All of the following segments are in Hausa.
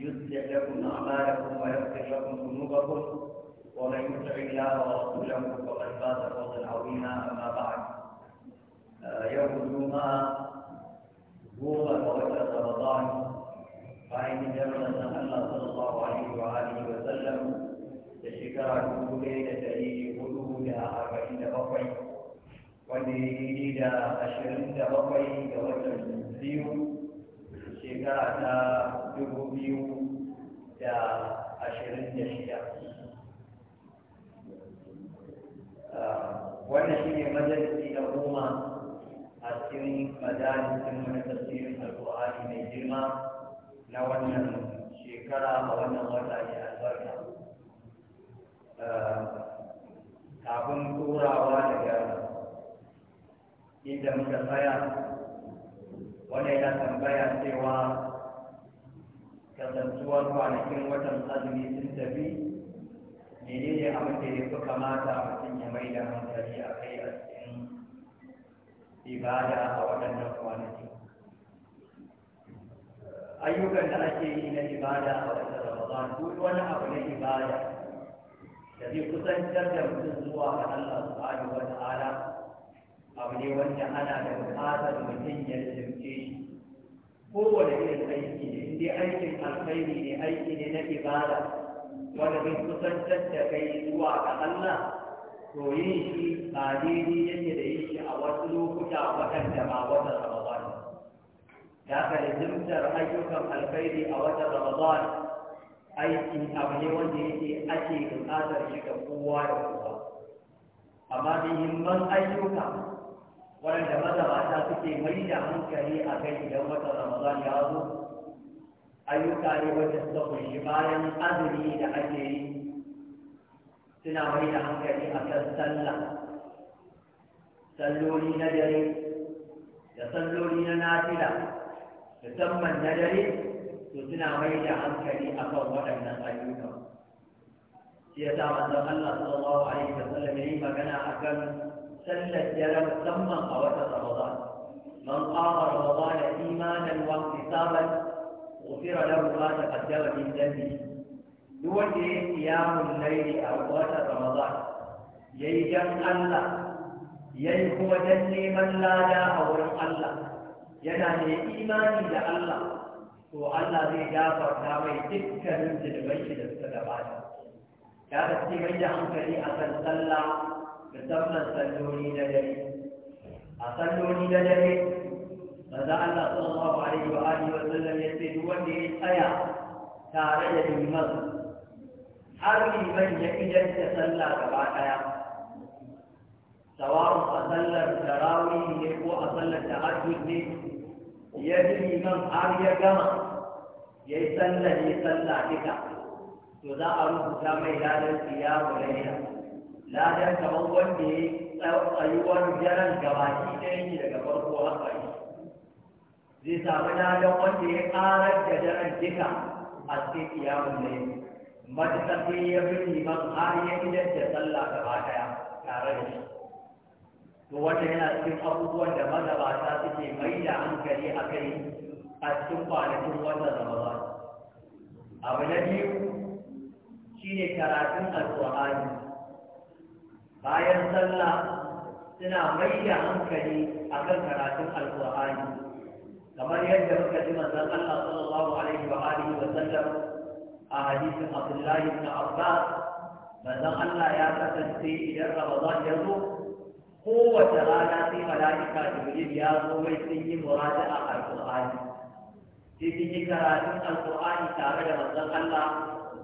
يصلح لكم أعمالكم ويغفر لكم ذنوبكم ومن يطع الله ورسوله فقد فاز فوزا عظيما أما بعد آه، يوم الجمعة هو وجه رمضان فإن جمعنا الله صلى الله عليه وآله وسلم تشكر الوجود تليه وجودها أربعين بقي الى أشرين بقي وجه المسلم shekara ta dubu biyu da ashirin da shida ah, wannan shi ne majalisi na goma a cikin majalisin wani tasirin alƙur'ani mai girma na wannan shekara a wannan wata ne albarka ah, kafin turawa daga inda muka tsaya wanda yana tambaya cewa kasantuwar kwanakin watan azumi sun tafi ne menene abin da ya fi kamata mutum ya mai da hankali a kai a cikin ibada a waɗannan kwanaki ayyukan da ake yi na ibada a watan ramadan duk wani abu na ibada da zai kusantar da mutum zuwa ga Allah subhanahu wa ta'ala abu ne wanda ana da buƙatar mutum ya limce shi kowane irin aiki ne in aikin alkhairi ne aiki ne na ibada wanda zai kusantar da kai zuwa ga Allah to yin shi ba daidai yake da yin shi a wasu lokuta waɗanda ba wata Ramadan da aka limtar ayyukan alkhairi a wata Ramadan aiki abu ne wanda yake ake bukatar shi ga kowa da kowa amma muhimman ayyuka waɗanda mazamata suke mai da hankali a kai idan wata ramadan ya zo ayyuka ne wajen suka kunshi bayan azumi da ake yi suna mai da hankali a kan sallah salloli na dare da salloli na nafila musamman na dare to suna mai da hankali a kan waɗannan ayyuka shi ya sa manzon Allah sallallahu alaihi wasallam ya yi magana a kan سلت جلب ثم قوت رمضان من قام رمضان ايمانا واحتسابا غفر له ما تقدم من ذنبه دون قيام الليل او قوت رمضان يجم الله يي هو جني من لا لا او الله ينا لي ايماني لله الله ذي جافر نامي تلك من ذي الميت السلام عليك يا بسي من صلى musamman salloli na dare a salloli na dare za Allah sallallahu alaihi wa alihi wa sallam ya ce duk wanda ya tsaya tare da liman har liman ya idan ta sallah gaba daya sawa'un a sallar tarawih ne ko a sallar tahajjud ne ya ji liman har ya gama ya yi sallar ya salla duka to za a rubuta mai lalar siya wa laila ladan kamar wanda ya jiran gaba gabaki ɗaya ne daga farko har ƙarshe zai samu ladan wanda ya ƙarar da jiran duka a cikin kiyamun ne matuƙar ya fi liman har ya idan da sallah gaba daya tare da shi to wanda yana cikin abubuwan da magabata suke mai da hankali a kai a cikin kwanakin wanda zama abu na biyu shine karatun alƙur'ani bayan sallah suna mai da hankali a kan karatun alƙur'ani kamar yadda muka ji manzon Allah sallallahu alaihi wa alihi wa sallam a hadisin Abdullah ibn Abbas manzon Allah ya kasance idan Ramadan ya zo kowace rana sai mala'ika Jibril ya zo mai sun yi muraja'a alƙur'ani sai sun yi karatun alƙur'ani tare da manzon Allah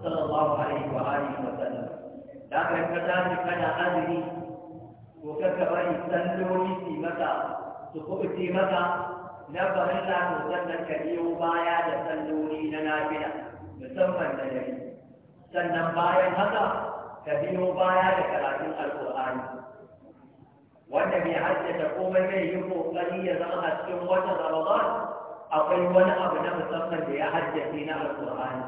sallallahu alaihi wa alihi wa sallam haka ka tashi kana azumi ko ka ka bari salloli su maka su kuɓuce maka na farilla to sannan ka biyo baya da salloli na nafila musamman da dare sannan bayan haka ka biyo baya da karatun alƙur'ani wanda mai haddasa komai mai yi kokari ya zama a cikin wata ramadan akwai wani abu na musamman da ya haddace na alƙur'ani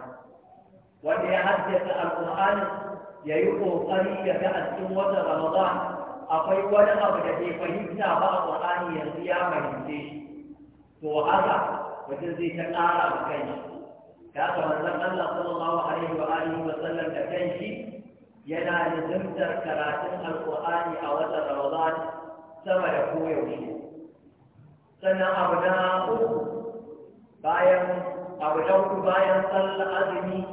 wanda ya haddace alƙur'ani ya yi ƙoƙari ya ga a cikin wata ramadan akwai wani abu da bai fahimta ba a ƙwarani yanzu ya fahimce shi to haka mutum zai ta ƙara a kan shi da Allah sallallahu alaihi wa alihi wa sallam da kan shi yana nizamtar karatun alƙur'ani a wata ramadan sama da koyaushe sannan abu na uku bayan abu na uku bayan azumi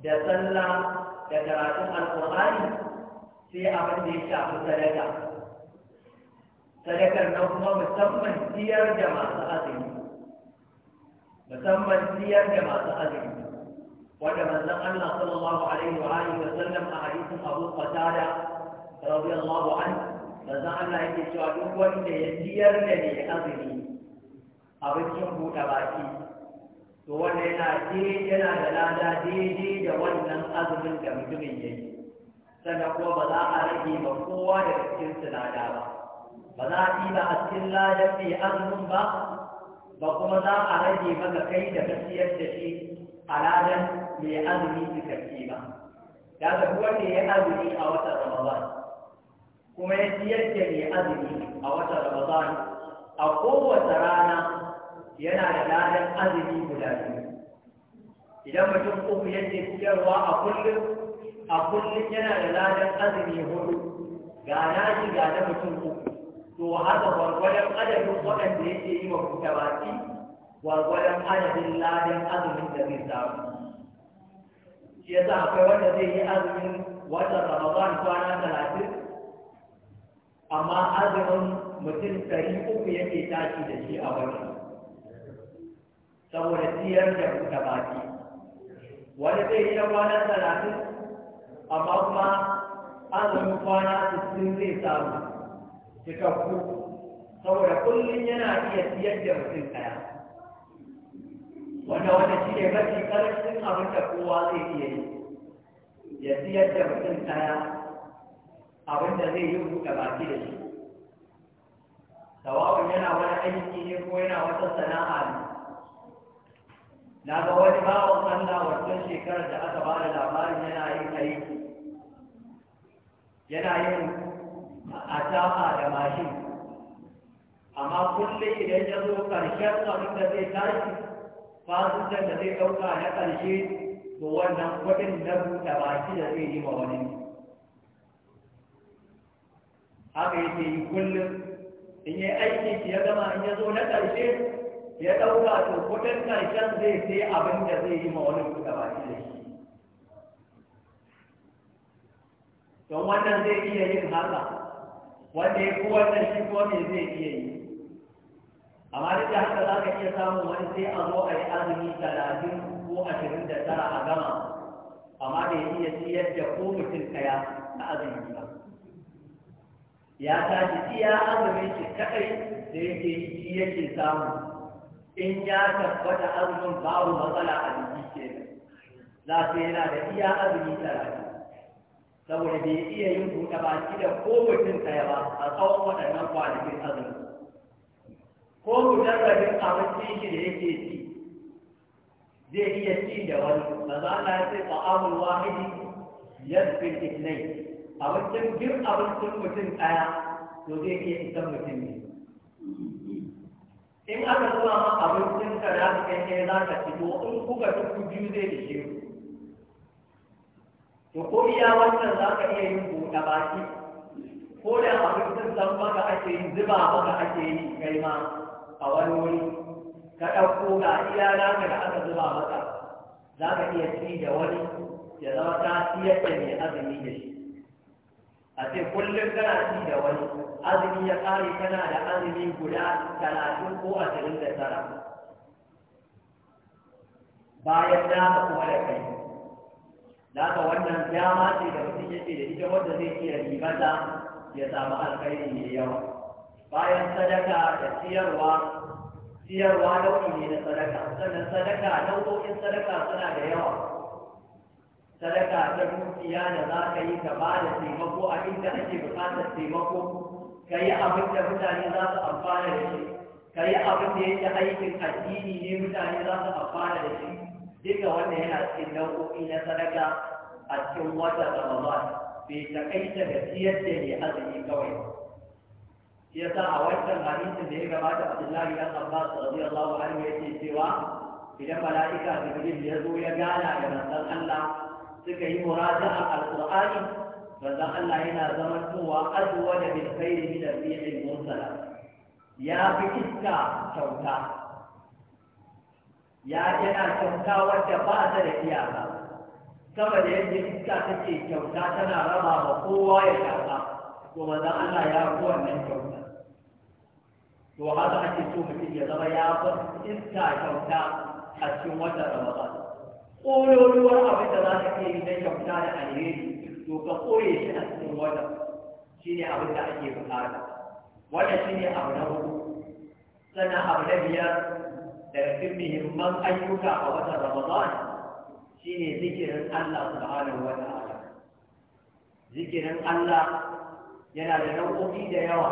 da sallah da karatun alƙur'ani sai abin da ya shafi sadaka sadakar nan kuma musamman siyar da masu azumi musamman siyar da masu azumi wanda manzon Allah sallallahu alaihi wa alihi wa sallam a hadisin Abu Qatada radiyallahu anhu manzon Allah yake cewa duk wanda ya siyar da ne azumi abincin buɗe baki to wanda yana yana da lada daidai da wannan azumin da mutumin ya yi sannan kuma ba za a rage ba kowa da cikin sinada ba ba za a ɗiba a cikin ladan mai azumin ba ba kuma za a rage maka kai da kasiyar da shi a ladan mai azumi cikakke ba Ya ga wanda ya azumi a watan ramadan kuma ya ciyar da mai azumi a watan ramadan a kowace rana yana da ladan azumi guda biyu idan mutum uku yake ciyarwa a kullum a kullum yana da ladan azumi hudu ga na shi ga na mutum uku to haka gwargwadon adadin waɗanda yake yi wa baki gwargwadon adadin ladan azumin da zai samu shi yasa akwai wanda zai yi azumin wata ramadan kwana talatin amma azumin mutum ɗari uku yake tashi da shi a wani saboda siyar da ku da baki wani zai yi kwana talatin amma kuma azumin kwana sittin zai samu cikakku saboda kullum yana iya siyar da mutum ɗaya wanda wanda shi ne mafi ƙarfin abin da kowa zai iya yi ya siyar da mutum ɗaya abin da zai yi buɗe baki da shi tawawun yana wani aiki ne ko yana wata sana'a ne na ga wani bawan Allah wancan shekarar da aka ba da labarin yana yin aiki yana yin asama da mashin amma kullum idan ya zo ƙarshen abin da zai tashi fasitan da zai ɗauka na ƙarshe to wannan kuɗin na buɗe baki da zai yi ma wani haka yake yi kullum in yi aiki ya gama in ya zo na ƙarshe ya ɗauka to kudin shan zai sai abin da zai yi mawani wani ba shi da shi don wannan zai iya yin haka wanda ya fi wannan shi ko ne zai iya yi amma duk da haka za ka iya samun wani sai a zo a yi azumi talatin ko ashirin da tara a gama amma da ya iya siyar da ko mutum kaya na azumi ba ya tashi iya azumin shi kaɗai da yake yi yake samu in ya tabbata azumin babu matsala a jiki ke za su yana da iya azumi talatin saboda bai iya yin buɗe shi da ko mutum ɗaya ba a tsawon waɗannan kwanakin azumi ko mujarrabin abinci shi da yake ci zai iya ci da wani ba za a ce ta'amul wahidi yadfil itnai abincin duk abincin mutum ɗaya to zai iya isan mutum ne in aka zuwa ma abincin ka da aka kai za ka ci to in kuka duku biyu zai da shi to ko iya wannan za ka iya yin buɗe baki ko da abincin san maka ake yi zuba maka ake yi kai ma a wani wuri ka ɗauko ga iya ka da aka zuba maka za ka iya ci da wani ya zama ta siyar da mai azumi da shi a ce kullum kana ci da wani azumi ya ƙare kana da azumi guda talatin ko ashirin da tara bayan dama kuma da kai ka wannan dama ce da mutum yake da ita wanda zai iya ribata ya samu alkhairi mai yawa bayan sadaka da siyarwa siyarwa nau'i ne na sadaka sannan sadaka nau'o'in sadaka suna da yawa sadaka ta dukiya da za ka yi ka ba da taimako a inda ake bukatar taimako ka yi abin da mutane za su amfana da shi ka yi abin da yake aikin addini ne mutane za su amfana da shi duka wannan yana cikin nau'o'i na sadaka a cikin wata ramadan bai takaita ga siyar da ne azumi kawai shi yasa a wancan hadisin da ya gabata abdullahi dan abbas radiyallahu anhu yake cewa idan mala'ika jibril ya zo ya gana da manzon allah suka yi muraja'a alqur'ani manzon Allah yana zaman cewa azwa da bil khairi min ar-rihi mursala ya fi iska kyauta ya yana kyauta wadda ba ta da iyaka sama da yadda iska take kyauta tana raba ma kowa ya shafa to manzon Allah ya fi wannan kyauta to haka ake so mutum ya zama ya fi iska kyauta a cikin watan Ramadan wani abin da za ta iya yi don kyauta da alheri to ka koye shi a cikin wata shi ne abin da ake bukata wannan shi ne abu na hudu sannan abu na biyar da cikin muhimman ayyuka a watan ramadan shi ne zikirin allah su subhanahu wa ta'ala zikirin allah yana da nau'o'i da yawa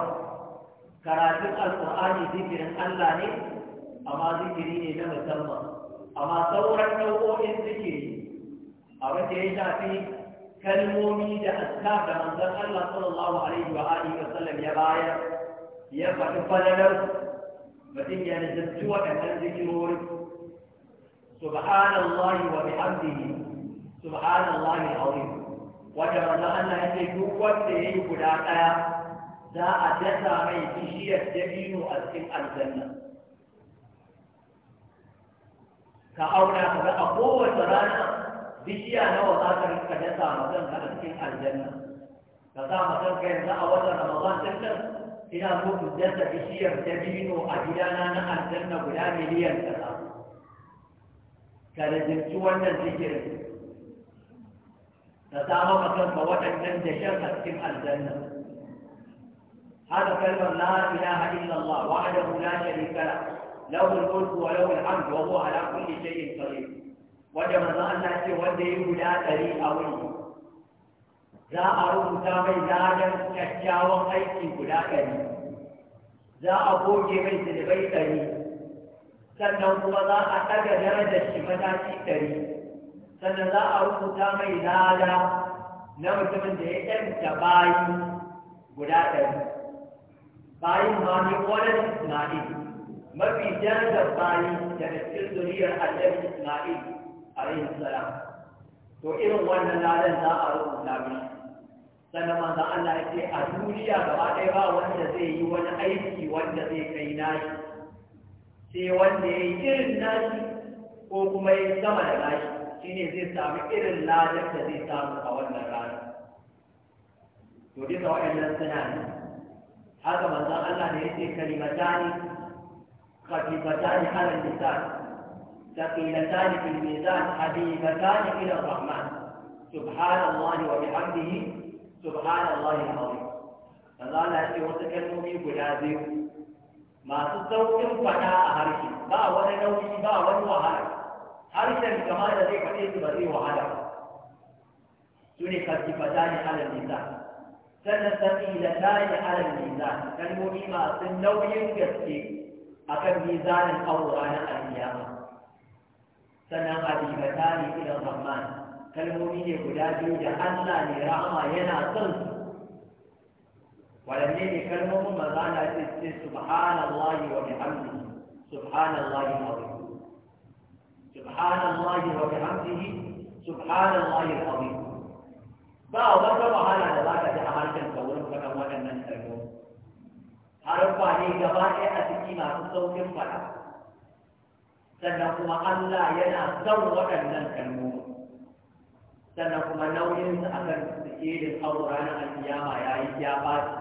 karatun alƙur'ani zikirin allah ne amma zikiri ne na musamman amma sauran nau'o'in zikiri abin da ya shafi kalmomi da aska da manzon Allah sallallahu alaihi wa alihi wa sallam ya bayar ya faɗi falalar mutum ya nazarci waɗannan zikirori subhanallahi wa bihamdihi subhanallahi alazim wanda manzon Allah ya ce duk wanda yayi guda ɗaya za a dasa mai bishiyar dabino a cikin aljanna كأولا كذا أقوى جرانا بشيء أنا وطاكر كجزا مثلا كأسكين على الجنة كذا مثلا كأن لا أولا رمضان تكتر إلى موت الجزا بشيء تبين أجلانا نحن الجنة ولا مليان كذا كذا جنسوان الزكرة كذا مثلا فوات الجنة شر كأسكين على الجنة هذا كلمة لا إله إلا الله وعده لا شريك له له الملك وله الحمد وهو على كل شيء قدير wanda manzo Allah ce wanda ya guda ɗari a wuri? za a rubuta mai ladan kyakkyawan aiki guda ɗari za a goge mai zulubai ɗari sannan kuma za a ɗaga darajar shi mataki ɗari sannan za a rubuta mai lada na mutumin da ya ɗanta bayi guda ɗari bayin ma ne ƙwarar Ismail mafi jada bayi daga cikin zuriyar annabi Isma'il alayhi salam to irin wannan ladan za a rubuta mishi sannan manzo Allah ya ce a duniya gaba ɗaya ba wanda zai yi wani aiki wanda zai kai nashi sai wanda ya yi irin nashi ko kuma ya sama da nashi shine zai samu irin ladan da zai samu a wannan rana to duka waɗannan suna ne haka manzo Allah ne ya ce kalimatani خفيفتان على اللسان ثقيلتان في الميزان حبيبتان الى الرحمن سبحان الله وبحمده سبحان الله العظيم فقال اشي وتكلموا بي بلازم ما تتوقف فتاة هرش با ولا نوي با ولا وهرش هرش كما لديك فتيت بري وهرش سني خفيفتان على الميزان سنة ثقيلتان على الميزان كلموا بي ما تنوي akan mizanin awo ranar alkiyama sannan habibata ne ilan rahman kalmomi ne guda biyu da allah ne rahama yana son su waɗanne ne kalmomin maza na ce subhanallahi wa bihamdihi subhanallahi wa subhanallahi wa bihamdihi subhanallahi al-azim ba wata wahala da za ka ji a harshen ka wurin faɗan waɗannan kalmomi harfa ne gaba ɗaya a ciki masu saukin faɗa sannan kuma Allah yana son waɗannan kalmomi sannan kuma nauyin su akan tsirin aura ranar alkiyama ya yi ya ɓaci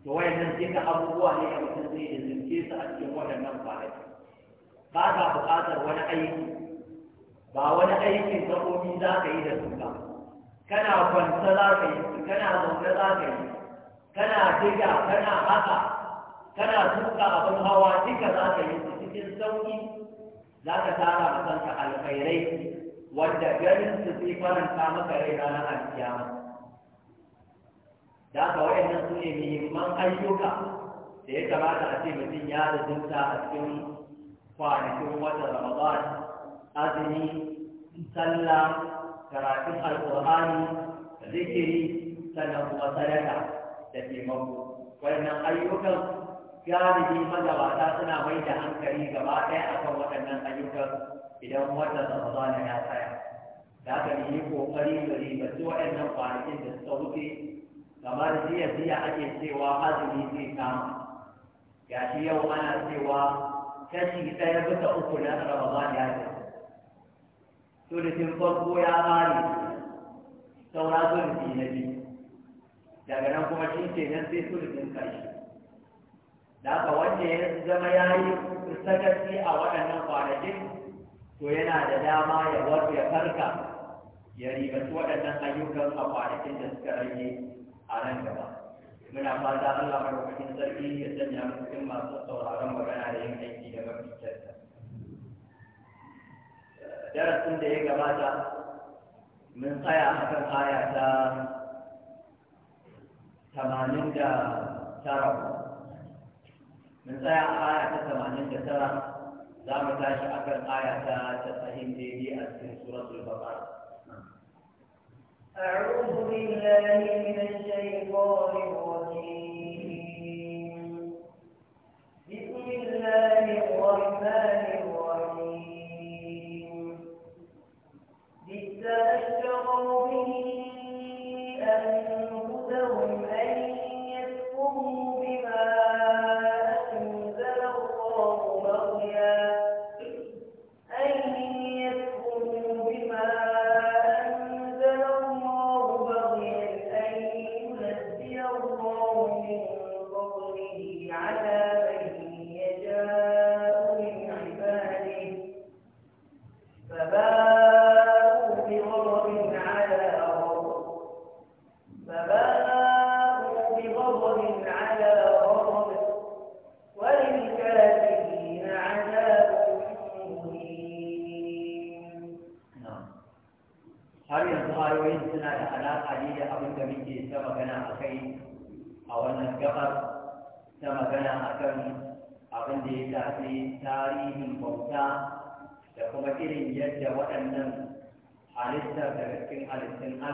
to nan duka abubuwa ne a mutum zai da zirke su a cikin waɗannan fada ba ka buƙatar wani aiki ba wani aikin gaɓoɓi za ka yi da su ba kana kwanta za ka yi kana zaune za ka yi kana diga kana haka kana tuka abin hawa duka za ka yi su cikin sauki za ka tara da kanka alkhairai wanda ganin su zai faranta maka rai ranar alkiyama da haka waɗannan su ne muhimman ayyuka da ya kamata a ce mutum ya zunta a cikin kwanakin watan ramadan azumi sallah karatun alkur'ani zikiri sannan kuma sadaka da taimako wannan ayyukan galibi magabata suna mai da hankali gaba ɗaya akan waɗannan ayyukan idan wata ramadana ya tsaya da haka ne yi ƙoƙari da ribaci waɗannan kwanakin da suka wuce kamar jiya jiya ake cewa azumi zai kama ya shi yau ana cewa kashi ɗaya bisa uku na ramadana ya ce sulutin farko ya bari saura sulutin na biyu daga nan kuma shi ke nan sai sulhin karshe da aka wanda ya zama ya yi sakaci a waɗannan kwanakin to yana da dama ya wasu ya farka ya waɗannan ayyukan a kwanakin da suka rage a nan gaba muna fata Allah lokacin sarki ya sanya mu cikin masu sauraron magana da yin aiki da mafi darasin da ya gabata mun tsaya akan aya ta da tara mun tsaya a aya ta tamanin da tara za mu tashi akan aya ta tasa'in daidai a cikin suratul baqara أعوذ بالله من الشيطان الرجيم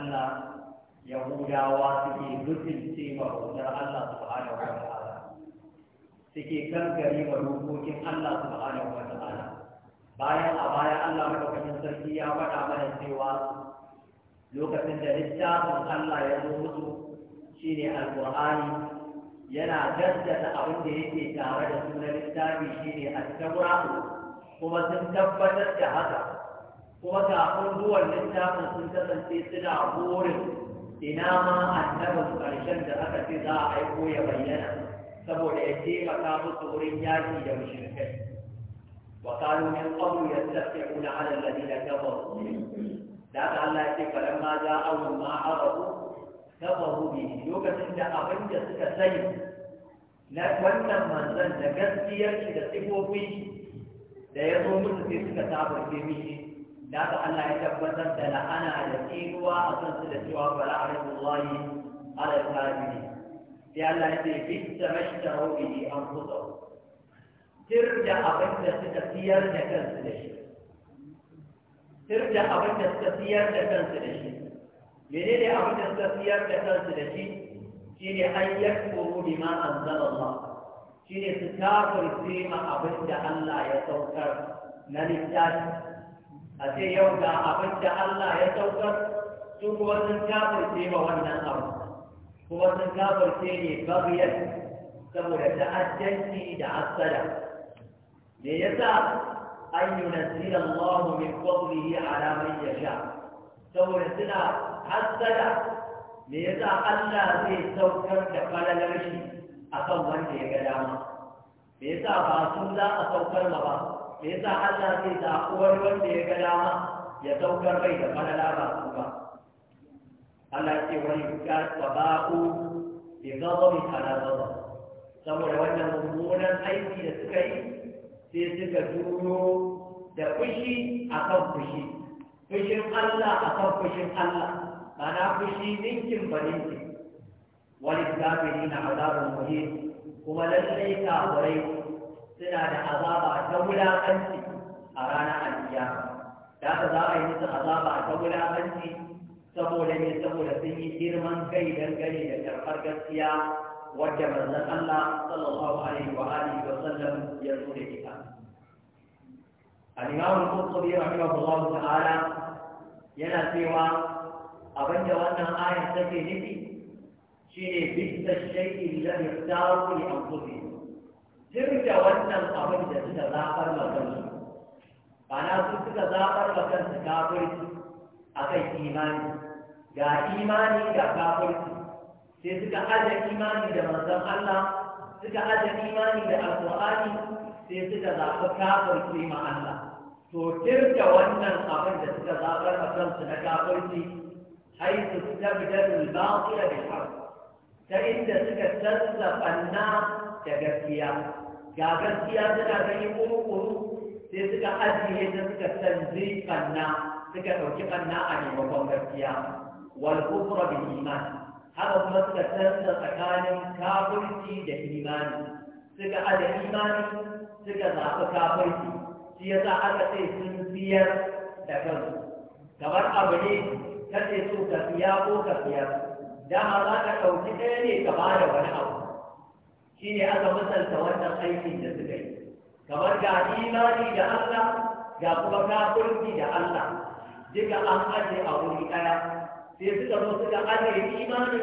Allah Yahudawa suke mutunce ma bautar Allah subhanahu wa ta'ala suke kankare ma dokokin Allah subhanahu wa ta'ala bayan a baya Allah madaukakin sarki ya faɗa mana cewa lokacin da littafin Allah ya zo musu shine alqur'ani yana jaddada abin da yake tare da sunan littafi shine at-taura kuma sun tabbatar da haka ko da abubuwan littafin sun kasance suna burin ina ma annabin ƙarshen da aka ce za a aiko ya bayyana saboda ya taimaka musu wurin yaƙi da mushrikai wa qalu min qablu yastafi'una 'ala alladhina kafaru da aka Allah ce falan ma za a wa ma arabu kafaru bi lokacin da abin da suka sani na wannan manzon da gaskiyar shi da sifofin da ya zo musu sai suka tabarce mishi da haka Allah ya tabbatar da la'ana da tsinuwa a kansu da cewa bala a rikin wayi ala kafiri sai Allah ya ce bi ta mashita hobi an kusa tir da abin da suka siyar da kansu da shi tir da abin da suka siyar da kansu da shi menene abin da suka siyar da kansu da shi shine an yakfuru bima anzalallah shine su kafirce ma abin da Allah ya saukar na littafi a ce yau ga abin da Allah ya saukar su kuma sun kafirce ma wannan abu kuma sun kafirce ne bagiyar saboda ta'addanci da hasada me yasa an yunazzila Allah min fadlihi ala man yasha saboda suna hasada me yasa Allah zai saukar da falalar shi akan wanda ya ga dama me yasa ba su za a saukar ma ba me sa Allah zai zaɓuwar wanda ya ga dama ya saukar rai da falala ba su ba Allah ce wani ya tsaba'u bi gadabi ala gadab saboda wannan mummunan aiki da suka yi sai suka juyo da fushi a kan fushi fushin Allah a kan fushin Allah mana fushi ninkin ba ninkin wani kafiri na azabun muhim kuma lallai kafirai suna da azaba ta wulaƙanci a ranar alkiyama da haka za a yi musu azaba ta wulaƙanci saboda ne saboda sun yi girman kai dangane da karɓar gaskiya wadda manzon Allah sallallahu alaihi wa alihi wa sallam ya zo da ita al-Imam al-Qurtubi rahimahullahu ta'ala yana cewa abinda wannan ayar take nufi shine bisa shay'in lam yaktaru li anfusihim jirga wannan abin da suka zaɓar wa kansu ba na su suka zaɓar wa kansu kafirci a kai imani ga imani ga kafirci sai suka aje imani da manzon Allah suka aje imani da alƙur'ani sai suka zaɓi kafirci ma Allah to jirga wannan abin da suka zaɓar wa kansu na kafirci haitu tabdalul batila bil haqq ta inda suka canza banna da gaskiya ga gaskiya suna gani kuru-kuru sai suka ajiye ta suka canji kanna suka ɗauki kanna a maimakon gaskiya wal kufra bil iman haka kuma suka canza tsakanin kafirci da imani suka aje imani suka zaɓi kafirci shi yasa aka ce sun biyar da kansu kamar abu ne kace so ka siya ko ka dama za ka ɗauki ɗaya ne ka ba da wani abu shi ne aka misalta wannan aikin da suka yi kamar ga imani da Allah ga kuma kafirci da Allah duka an aje a wuri ɗaya sai suka zo suka aje imani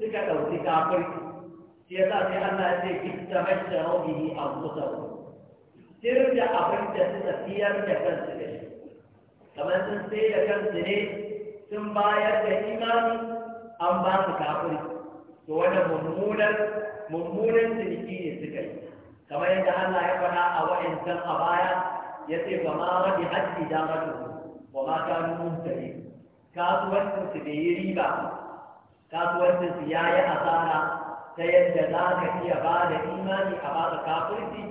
suka ɗauki kafirci shi yasa sai Allah ya ce kitta mashta rabbihi a musawu sir da abin da suka siyar da kansu da shi kamar sun sai da kansu ne sun bayar da imani an ba su kafirci to wannan mummunan mummunan ciniki ne suka yi kamar yadda Allah ya faɗa a wa'ancan a baya ya ce ba ma rabi hajji da mata wa ma ka ta tare kasuwancin su bai yi riba kasuwancin su ya yi asara ta yadda za ka iya ba da imani a ba ka kafirci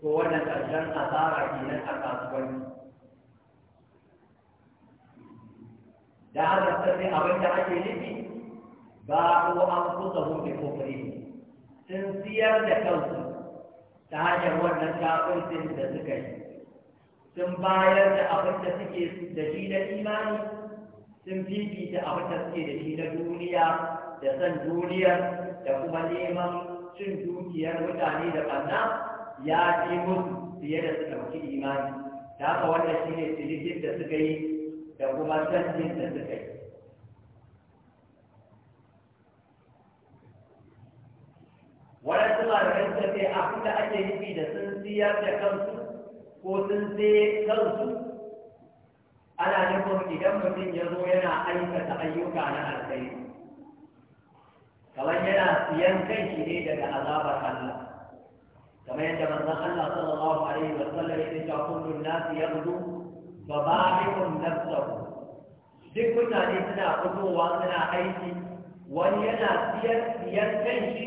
to wannan ƙarshen asara kenan a kasuwanci da haka sai abin da ake nufi ba ko an kusa hunke ko kare sun siyar da kansu ta hanyar wannan kafircin da suka yi sun bayar da abin da suke da shi na imani sun fifita abin da suke da shi na duniya da san duniya da kuma neman cin dukiyar mutane da ɓanna ya fi musu fiye da su ɗauki imani ta haka wannan shi ne cinikin da suka yi da kuma canjin da suka yi waɗansu da suka ce a kuka ake nufi da sun siyar da kansu ko sun sai kansu ana nufin idan mutum ya zo yana aikata ayyuka na alkhairi kamar yana siyan kan shi ne daga azabar Allah kamar yadda manzon Allah sallallahu alaihi wa sallam yake cewa kullu ba yaghdu wa ba'ikum nafsahu duk mutane suna fitowa suna aiki wani yana siyan siyan kan shi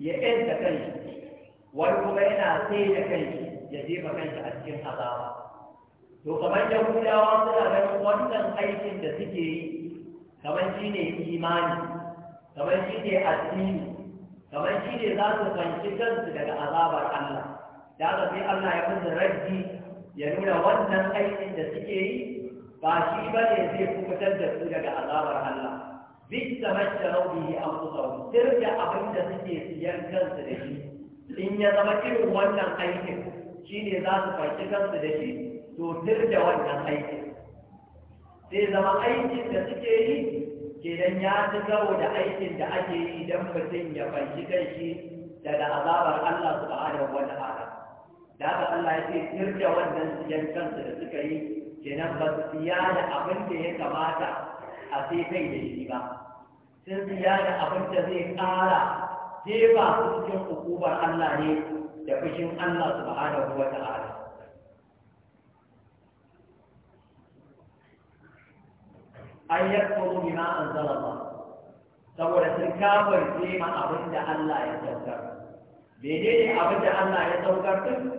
ya ƴanta kanshi wani kuma yana sai da kanshi ya jefa kanshi a cikin azaba to kamar yahudawa suna ganin wannan aikin da suke yi kamar shi ne imani kamar shi ne addini kamar shi ne za su fanci kansu daga azabar Allah da haka sai Allah ya musu raddi ya nuna wannan aikin da suke yi ba shi ba ne zai kubutar da su daga azabar Allah bisa mace rauni a kusa sir da abin da suke siyan kansu da shi in ya zama irin wannan aikin shi ne za su faɗi kansu da shi to sir wannan aikin sai zama aikin da suke yi kenan ya ci karo da aikin da ake yi idan mutum ya fanci kanshi daga azabar Allah subhanahu wa ta'ala da haka Allah ya ce sir wannan siyan kansu da suka yi kenan ba su siya da abin da ya kamata a sai kai da shi ba sun da abin da zai ƙara jefa su cikin hukumar Allah ne da fushin Allah subhanahu wa ta'ala an yakfuru bima anzala ba. saboda sun kafirce ma abin da Allah ya saukar menene abin da Allah ya saukar din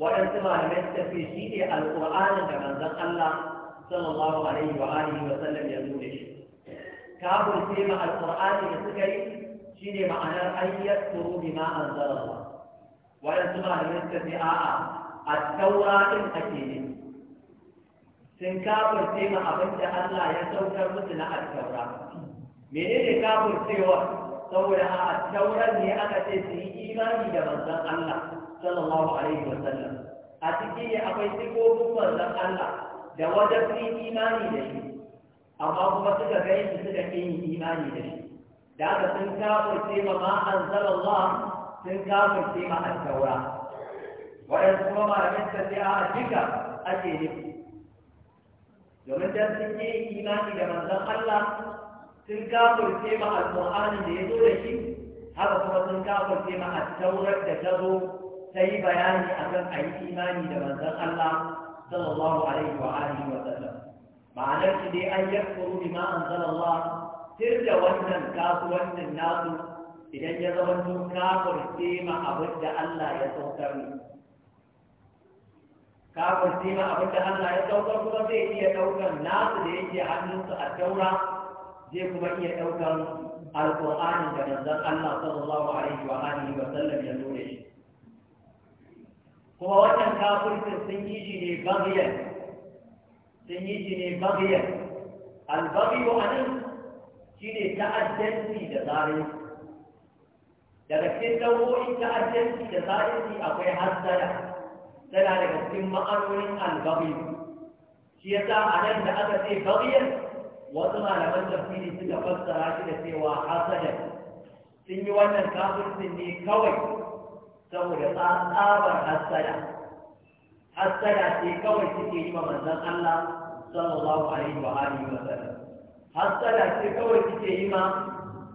waɗansu malamai suka ce shi ne alƙur'anin da manzon Allah sallallahu alaihi wa alihi wa sallam ya zo da shi kafirce ma alqur'ani da suka yi shine ma'anar ayyat turu bima anzalallah wa suka ce a'a at-taura din ake sun kafirce ma abin da Allah ya saukar musu na at-taura menene kafircewa saboda a at ne aka ce su yi imani da manzon Allah sallallahu alaihi wa sallam a cikin akwai sifofin manzon Allah da wajen yin imani da shi amma kuma suka ga yin suka ke yin imani da shi da haka sun kafirce ma ma anzalallah sun kafirce ma an taura waɗansu kuma malamin ta ce a duka ake nufi domin dan sun yi imani da manzon Allah sun kafirce ma al-Qur'ani da ya zo da shi haka kuma sun kafirce ma al-taurar da ta zo ta yi bayani akan a yi imani da manzon Allah صلى الله عليه وآله وسلم مع نفسه أن يكفروا بما أنزل الله ترجى وزن كافر وزن الناس إذا يزول كافر سيما أبد الله يتوترني كافر سيما أبد الله يتوتر فبدي إيه يتوتر الناس ليجي عنه الدورة جيكو بقي يتوتر القرآن كما أنزل الله صلى الله عليه وآله وسلم يدوري kuma wannan kafircin sun yi jini ne bagiyar sun yi jini ne bagiyar albagiyo a nan shi ne ta'addanci da zalunci daga cikin nau'o'in ta'addanci da ne akwai hassada tana daga cikin ma'anonin albagiyo shi ya sa a nan da aka ce bagiyar wasu malaman tafsiri suka fassara shi da cewa hasadar sun yi wannan kafircin ne kawai saboda tsabar hassada hassada ce kawai suke yi ma manzon Allah sallallahu alaihi wa alihi wa sallam hassada ce kawai suke yi ma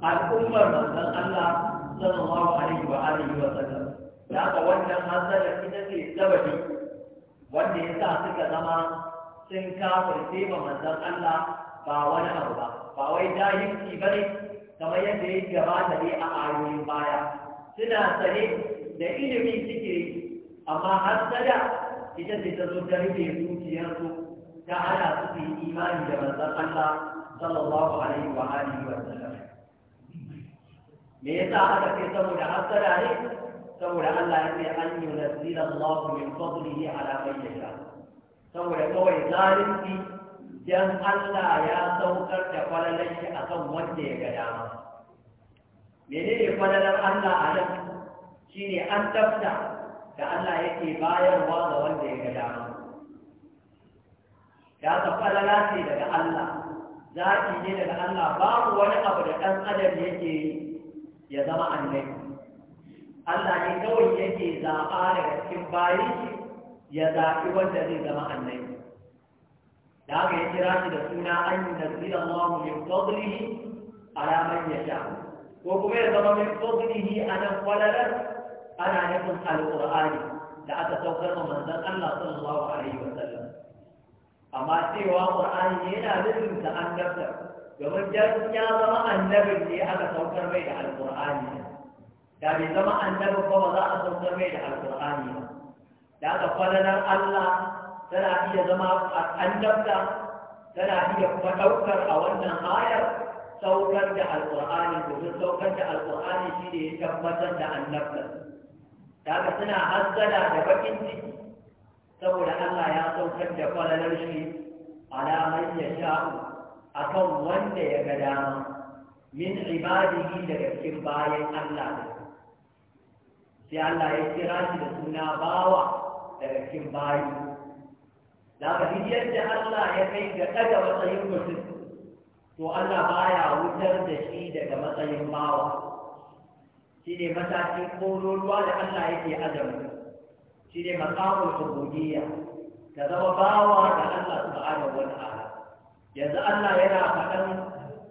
al'ummar manzon Allah sallallahu alaihi wa alihi wa sallam da haka wannan hassada ita ce sababi wanda ya sa suka zama sun kafirce ma manzon Allah ba wani abu ba ba wai jahilci bane kamar yadda ya gabata ne a ayoyin baya suna sane da ilimin cikin amma hasada ita ce ta zo ta rufe zuciyarsu ta hana su yi imani da manzon Allah sallallahu alaihi wa alihi wa sallam me yasa aka ce saboda hasada ne saboda Allah ya ce an yunazzila Allah min fadlihi ala man yasha saboda kawai zalunci dan Allah ya saukar da falalar shi akan wanda ya ga dama menene falalar Allah a nan shine an tafta da Allah yake bayarwa ga wanda ya gada. dama da ka falala ce daga Allah zaki ne daga Allah babu wani abu da ɗan adam yake ke ya zama annabi Allah ne kawai yake zaɓa daga cikin bayan ya zaɓi wanda zai zama annabi da aka yi kira shi da suna an yi ma mu min fadlihi ala ya yasha ko kuma ya zama min a nan falalar ana nufin alƙur'ani da aka saukar wa manzon Allah sallallahu alaihi wa sallam amma cewa qur'ani ne yana nufin an annabta domin dan ya zama annabin ne aka saukar mai da alƙur'ani da bai zama annabin ba ba za a saukar mai da alƙur'ani ba da aka falalar Allah tana iya zama an annabta tana iya kuma ɗaukar a wannan ayar saukar da alƙur'ani domin saukar da alƙur'ani shi ne ya tabbatar da annabta da haka suna hassada da bakin ciki saboda Allah ya saukar da kwalalar shi ala man yasha'u akan wanda ya ga dama min ibadihi daga cikin bayan Allah sai Allah ya kira shi da suna bawa daga cikin bayi da ka fi yadda Allah ya kai ga daga matsayin mutum to Allah baya wutar da shi daga matsayin bawa shi ne matakin ruwa da Allah yake azamu shi ne makamul ubudiyya ka zama bawa da Allah subhanahu wani ta'ala yanzu Allah yana faɗan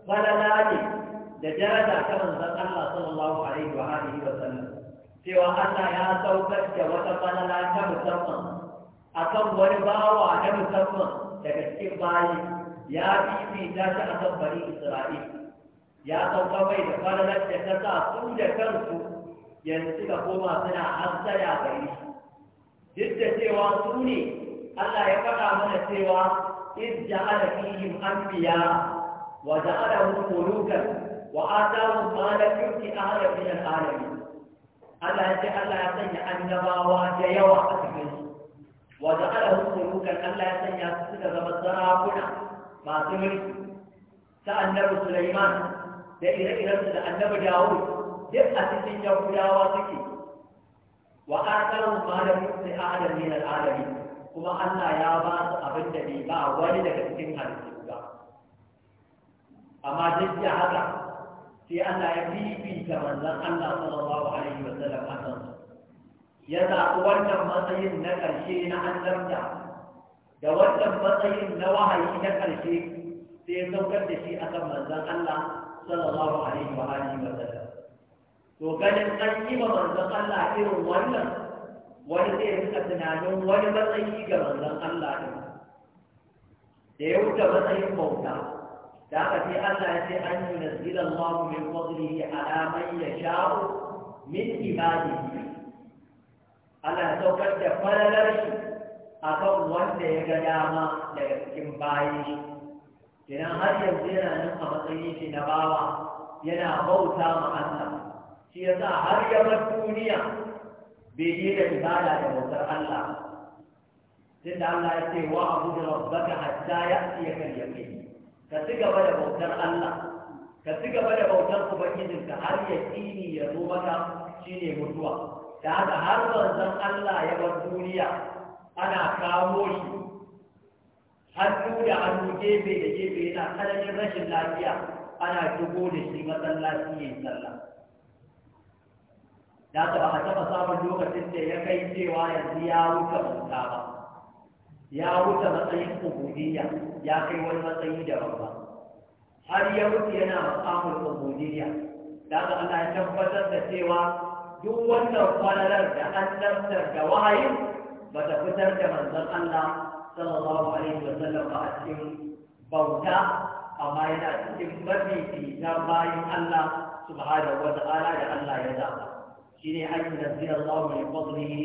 malala ne da jarada ta manzon Allah sallallahu alaihi wa alihi wa sallam cewa Allah ya saukar da wata malala ta musamman a kan wani bawa na musamman daga cikin bayi ya fifita ta akan bari Isra'ila ya sauka mai da falalar da ta sa su da kansu yanzu suka koma suna hassaya gari duk da cewa su ne Allah ya faɗa mana cewa iz ja'ala fihim anbiya wa ja'alahum mulukan wa atahum ma lam a hada min al-alamin Allah ya ce Allah ya sanya annabawa da yawa a cikin su wa ja'alahum mulukan Allah ya sanya su suka zama sarakuna masu mulki ta annabi Sulaiman da ire-irensu da annabi dawud duk a cikin yahudawa suke wa akaran ba da a adami na adami kuma allah ya ba su abin da bai ba wani daga cikin halittu ba amma duk da haka sai allah ya fifita manzan allah sallallahu alaihi wa sallam a kan ya zaɓi wannan matsayin na ƙarshe na annabta da wannan matsayin na wahayi na ƙarshe sai ya saukar da shi akan manzan allah sallallahu alaihi wa alihi wa sallam to ganin an yi ma manzon Allah irin wannan wani zai rika tunanin wani matsayi ga manzon Allah din da ya wuce matsayin bauta da aka ce Allah ya ce an yi nasira Allah min fadlihi ala man yasha'u min ibadihi Allah ya saukar da falalar shi akan wanda ya ga dama daga cikin bayan shi Idan har yanzu yana nan a matsayin shi na bawa yana bauta ma Allah shi yasa har ya bar duniya bai yi da ibada da bautar Allah tun da Allah ya ce wa abu da rabbaka hatta ya iya karyake ka ci gaba da bautar Allah ka ci gaba da bautar ka har ya tsini ya zo maka shine mutuwa da haka har zan Allah ya bar duniya ana kawo shi hannu da hannu gefe da gefe yana tsananin rashin lafiya ana shigo da shi masallaci ya sallah da ta ba a taɓa samun lokacin da ya kai cewa yanzu ya wuce bauta ba ya wuce matsayin ubudiyya ya kai wani matsayi da ba har ya wuce yana samun ubudiyya da ta Allah ya tabbatar da cewa duk wannan kwalalar da an da wahayin ba ta fitar da manzon Allah sallallahu alaihi wa sallam ba a cikin bauta amma yana cikin mafi na bayan Allah subhanahu wa ala da Allah ya zaba shine an yunzila Allahu min fadlihi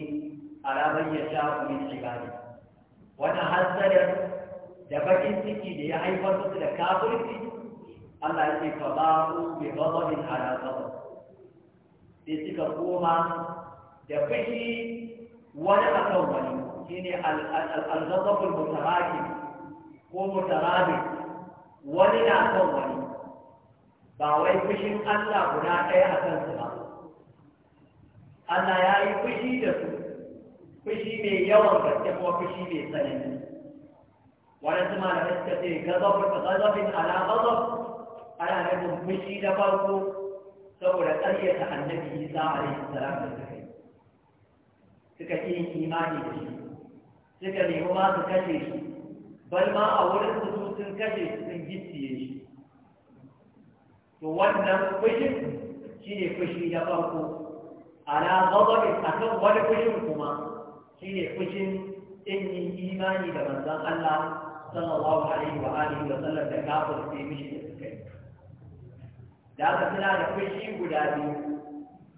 ala man yasha'u min ibadihi wannan hasadar da bakin ciki da ya haifar musu da kafirci Allah ya ce fa ba'u bi ghadabin ala koma da fushi wani akan wani shine al-ghadabul mutarakim ko mutarabi wani na son wani ba wai fushin Allah guda ɗaya a kansu ba Allah ya yi fushi da su fushi mai yawan gaske kuma fushi mai tsanani wani su malamai suka ce gazafin ala gazaf ana nufin fushi da farko saboda ƙaryata annabi isa alaihi salam da suka yi suka ƙi imani da shi suka nemi ma su kashe shi bal ma a wurin su sun kashe shi sun gicciye shi to wannan fushin shi ne fushi na farko ala gababin a kan wani fushin kuma shi ne fushin ɗin imani da manzan Allah sallallahu alaihi wa alihi wa sallam da kafin sai mishi da suka yi da aka suna da fushi guda biyu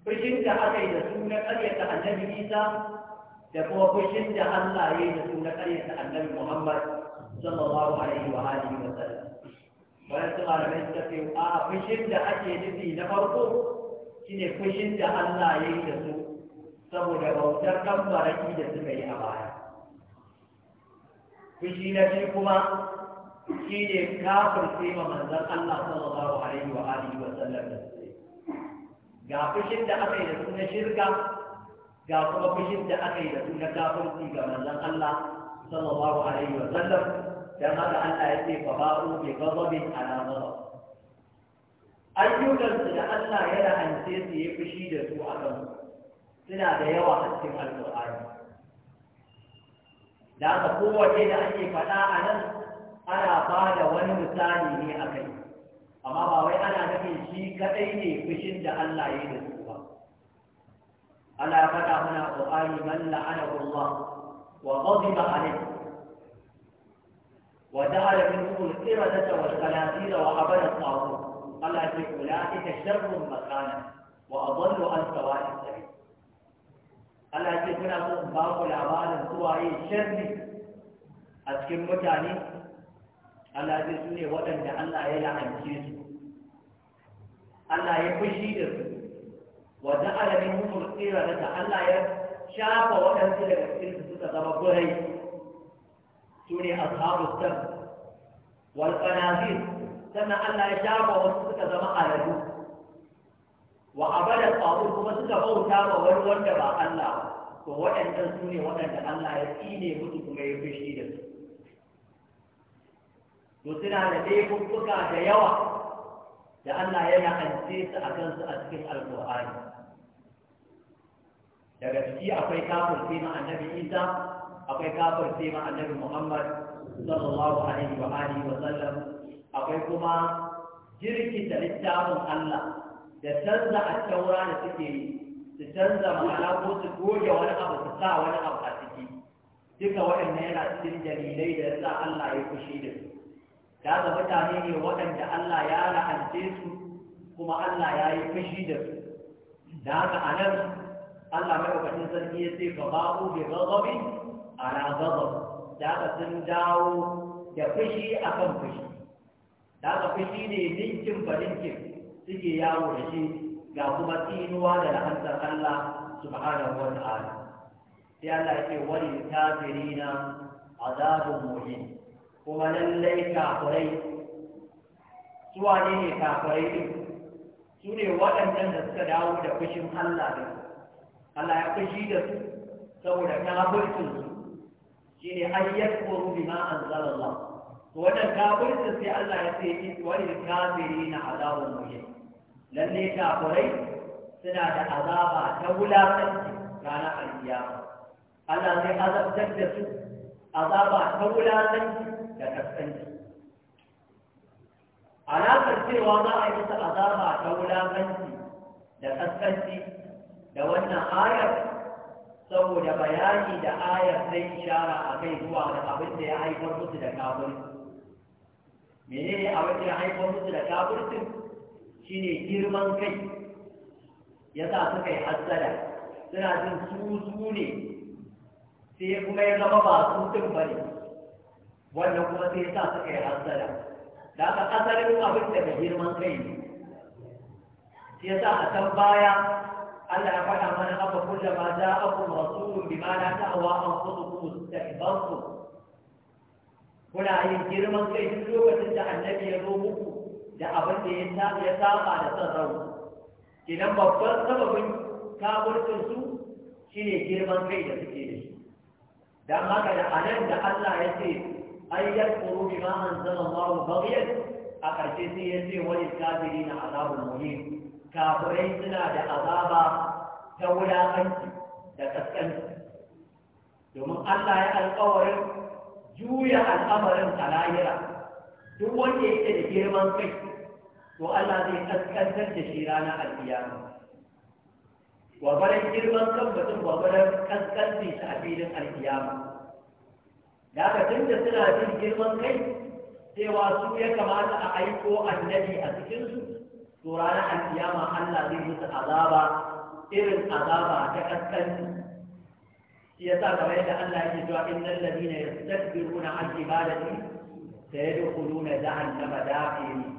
fushin da aka yi da su na ƙaryata annabi Isa da kuma fushin da Allah ya yi da su na ƙaryata annabi Muhammad sallallahu alaihi wa alihi wa sallam bayan su malamai suka ce a fushin da ake nufi na farko shine fushin da Allah ya yi da su saboda bautar kan maraki da suka yi a baya fushi na biyu kuma shi ne sai ma manzon Allah sallallahu alaihi wa alihi wa sallam ga fushin da aka yi da su na shirka ga kuma fushin da aka yi da su na kafirci ga manzon Allah sallallahu alaihi wa sallam dan haka Allah ya ce fa ba'u bi ghadabin ala ghadab ayyukan su da Allah ya la'ance su yi fushi da su a kan suna da yawa a cikin alqur'ani da haka kowace da ake faɗa a nan ana ba da wani misali ne a kai amma ba wai ana nufin shi kaɗai ne fushin da Allah ya yi da su ألا فتى هنا قرآن من لعنه الله وغضب عليه وجعل منه القردة والخنازير وعبد الطاغوت قال في أولئك شر مكانا وأضل عن سواء السبيل قال في هنا باب الأعمال سواء شر أسكن متاني قال في سنة وأن الله يلعن جيسو Allah ya fushi wa ja'ala minhum al-qiradata Allah ya shafa waɗansu daga cikin su suka zama gurai su ne ashabu sam sannan Allah ya shafa wasu suka zama aladu wa abada tsawo kuma suka bauta ma wani wanda ba Allah ba to su ne waɗanda Allah ya tsine musu kuma ya fushi su to suna da laifuffuka da yawa da Allah ya ance su a kansu a cikin alƙur'ani daga ciki akwai kafir sai ma annabi isa akwai kafir sai ma annabi muhammad sallallahu alaihi wa alihi wa sallam akwai kuma jirki da littafin allah da canza a taura da suke yi su canza ma'ana ko su goge wani abu su sa wani abu a ciki duka waɗannan yana cikin dalilai da yasa allah ya fushi da su da mutane ne waɗanda allah ya la'ance su kuma allah ya yi fushi da su da haka a nan Allah mai lokacin sarki ya ce ba ba'u bi ghadabi ala ghadab da aka sun dawo da fushi akan fushi da aka fushi ne dinkin barinkin suke yawo da shi ga kuma tinuwa da lahantar Allah subhanahu wa ta'ala sai Allah ya ce wani kafirina azabun muhim kuma lallai kafirai su wane ne kafirai su ne waɗannan da suka dawo da fushin Allah da Allah ya kashi da su saboda kafircin su shine ayyat kuru bima anzalallah to wannan kafircin sai Allah ya ce in kafiri na azabar muhim lalle kafirai suna da azaba ta rana a riya. Allah zai azabtar da su azaba ta wulakanci da kaskanci alaƙar cewa za a yi ta azaba ta wulakanci da kaskanci da wannan ayar saboda bayani da ayar zai ishara a kai zuwa da abin da ya haifar musu da mene menene abin da ya haifar musu da shi ne girman kai ya sa suka yi hassada suna jin su su ne sai kuma ya zama ba su din ba ne wannan kuma sai sa suka yi hassada da aka asalin abin da girman kai ne sai sa a can baya Allah ya faɗa mana aka kulla ma ja'akum rasulun bima la ta'wa anfusukum istakbartum kuna yin girman kai duk lokacin da annabi ya zo muku da abin da ya saba da son idan babban sababin kafircin su shine girman kai da suke da shi dan haka da anan da Allah ya ce ayyakuru bima anzala Allahu baghyan a ƙarshe sai ya ce wani kafiri na azabul muhim kafirai suna da azaba ta wulaƙanci da kaskanci domin Allah ya alƙawarin juya al'amarin ta lahira duk wanda yake da girman kai to Allah zai kaskantar da shi ranar alkiyama gwagwarar girman kan mutum gwagwarar kaskanci shi a filin alkiyama da aka tunda suna jin girman kai cewa su ya kamata a aiko annabi a cikinsu to ranar alkiyama Allah zai musu azaba irin azaba ta kaskanci shi yasa kamar yadda Allah yake cewa innal ladina yastakbiruna an ibadati sayadkhuluna jahannama dakhiri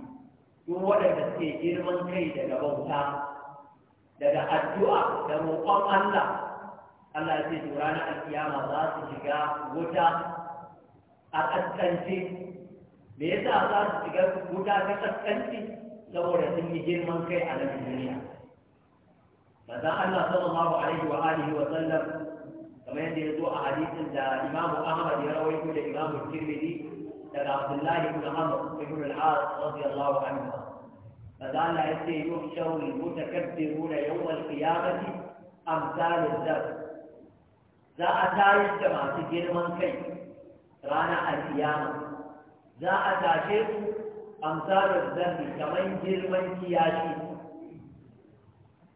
duk waɗanda suke girman kai daga bauta daga addu'a da roƙon Allah Allah ya ce to ranar alkiyama za su shiga wuta a kaskance me yasa za su shiga wuta ta kaskanci saboda sun yi girman kai a nan duniya manzon Allah sallallahu alaihi wa alihi wa sallam kamar yadda ya zo a hadisin da Imam Ahmad ya rawaito da Imam Tirmidhi daga Abdullahi ibn Amr ibn al-As radiyallahu anhu manzon Allah ya ce yuhsharu al-mutakabbiruna yawm al-qiyamati amsal al-dhab za a tayar da masu girman kai ranar al-qiyama za a tashe su amsalar zambi kamar girman kiyashi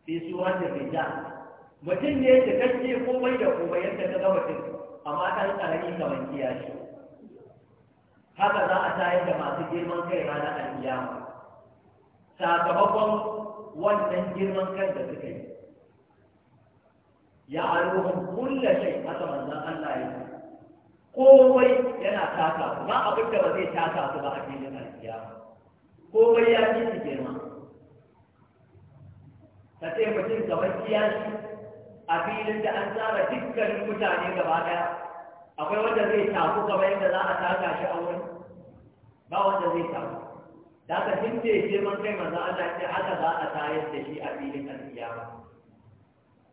fi suwan da rija mutum ne da kake komai da komai yadda ka ga mutum amma ɗan ƙarami kamar kiyashi haka za a tayar da masu girman kai ranar alkiyama sakamakon wannan girman kan da suka yi ya aluhun kulla shai saman zan Allah ya komai yana taka ba abin da ba zai taka su ba a cikin alkiyama komai ya fi su girma ka ce mutum kamar kiyashi a filin da an tsara dukkanin mutane gaba daya akwai wanda zai taku kamar yadda za a taka shi a wurin ba wanda zai taku da aka hinta girman kai maza Allah ce haka za a tayar da shi a filin alkiyama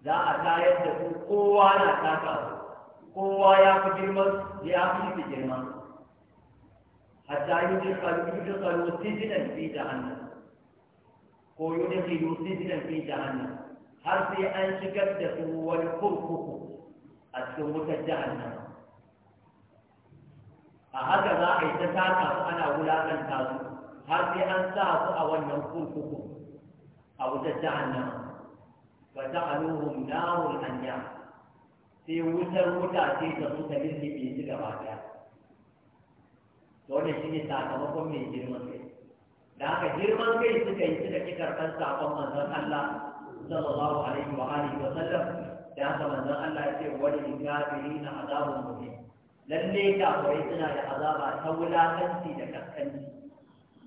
za a tayar da su kowa na taka kowa ya fi girman ya fi girman حتى يدخلوا سجنا في جهنم ko yudkhilu sijnan fi jahannam har sai an shigar da su wani kurkuku a cikin wutar jahannam a haka za a yi ta taka su ana wulakanta su har sai an sa su a wannan kurkuku a wutar jahannam fa ta'aluhum narun hanya, sai wutar wuta ce ta su ta lillibe su gaba daya Dole wannan shi ne sakamakon mai girman kai da aka girman kai suka yi suka ƙi karɓar saƙon manzon Allah sallallahu alaihi wa alihi wa sallam da haka manzon Allah ya ce wani in kafiri na azabun muhim lalle kafirai suna da azaba ta wulakanci da kaskanci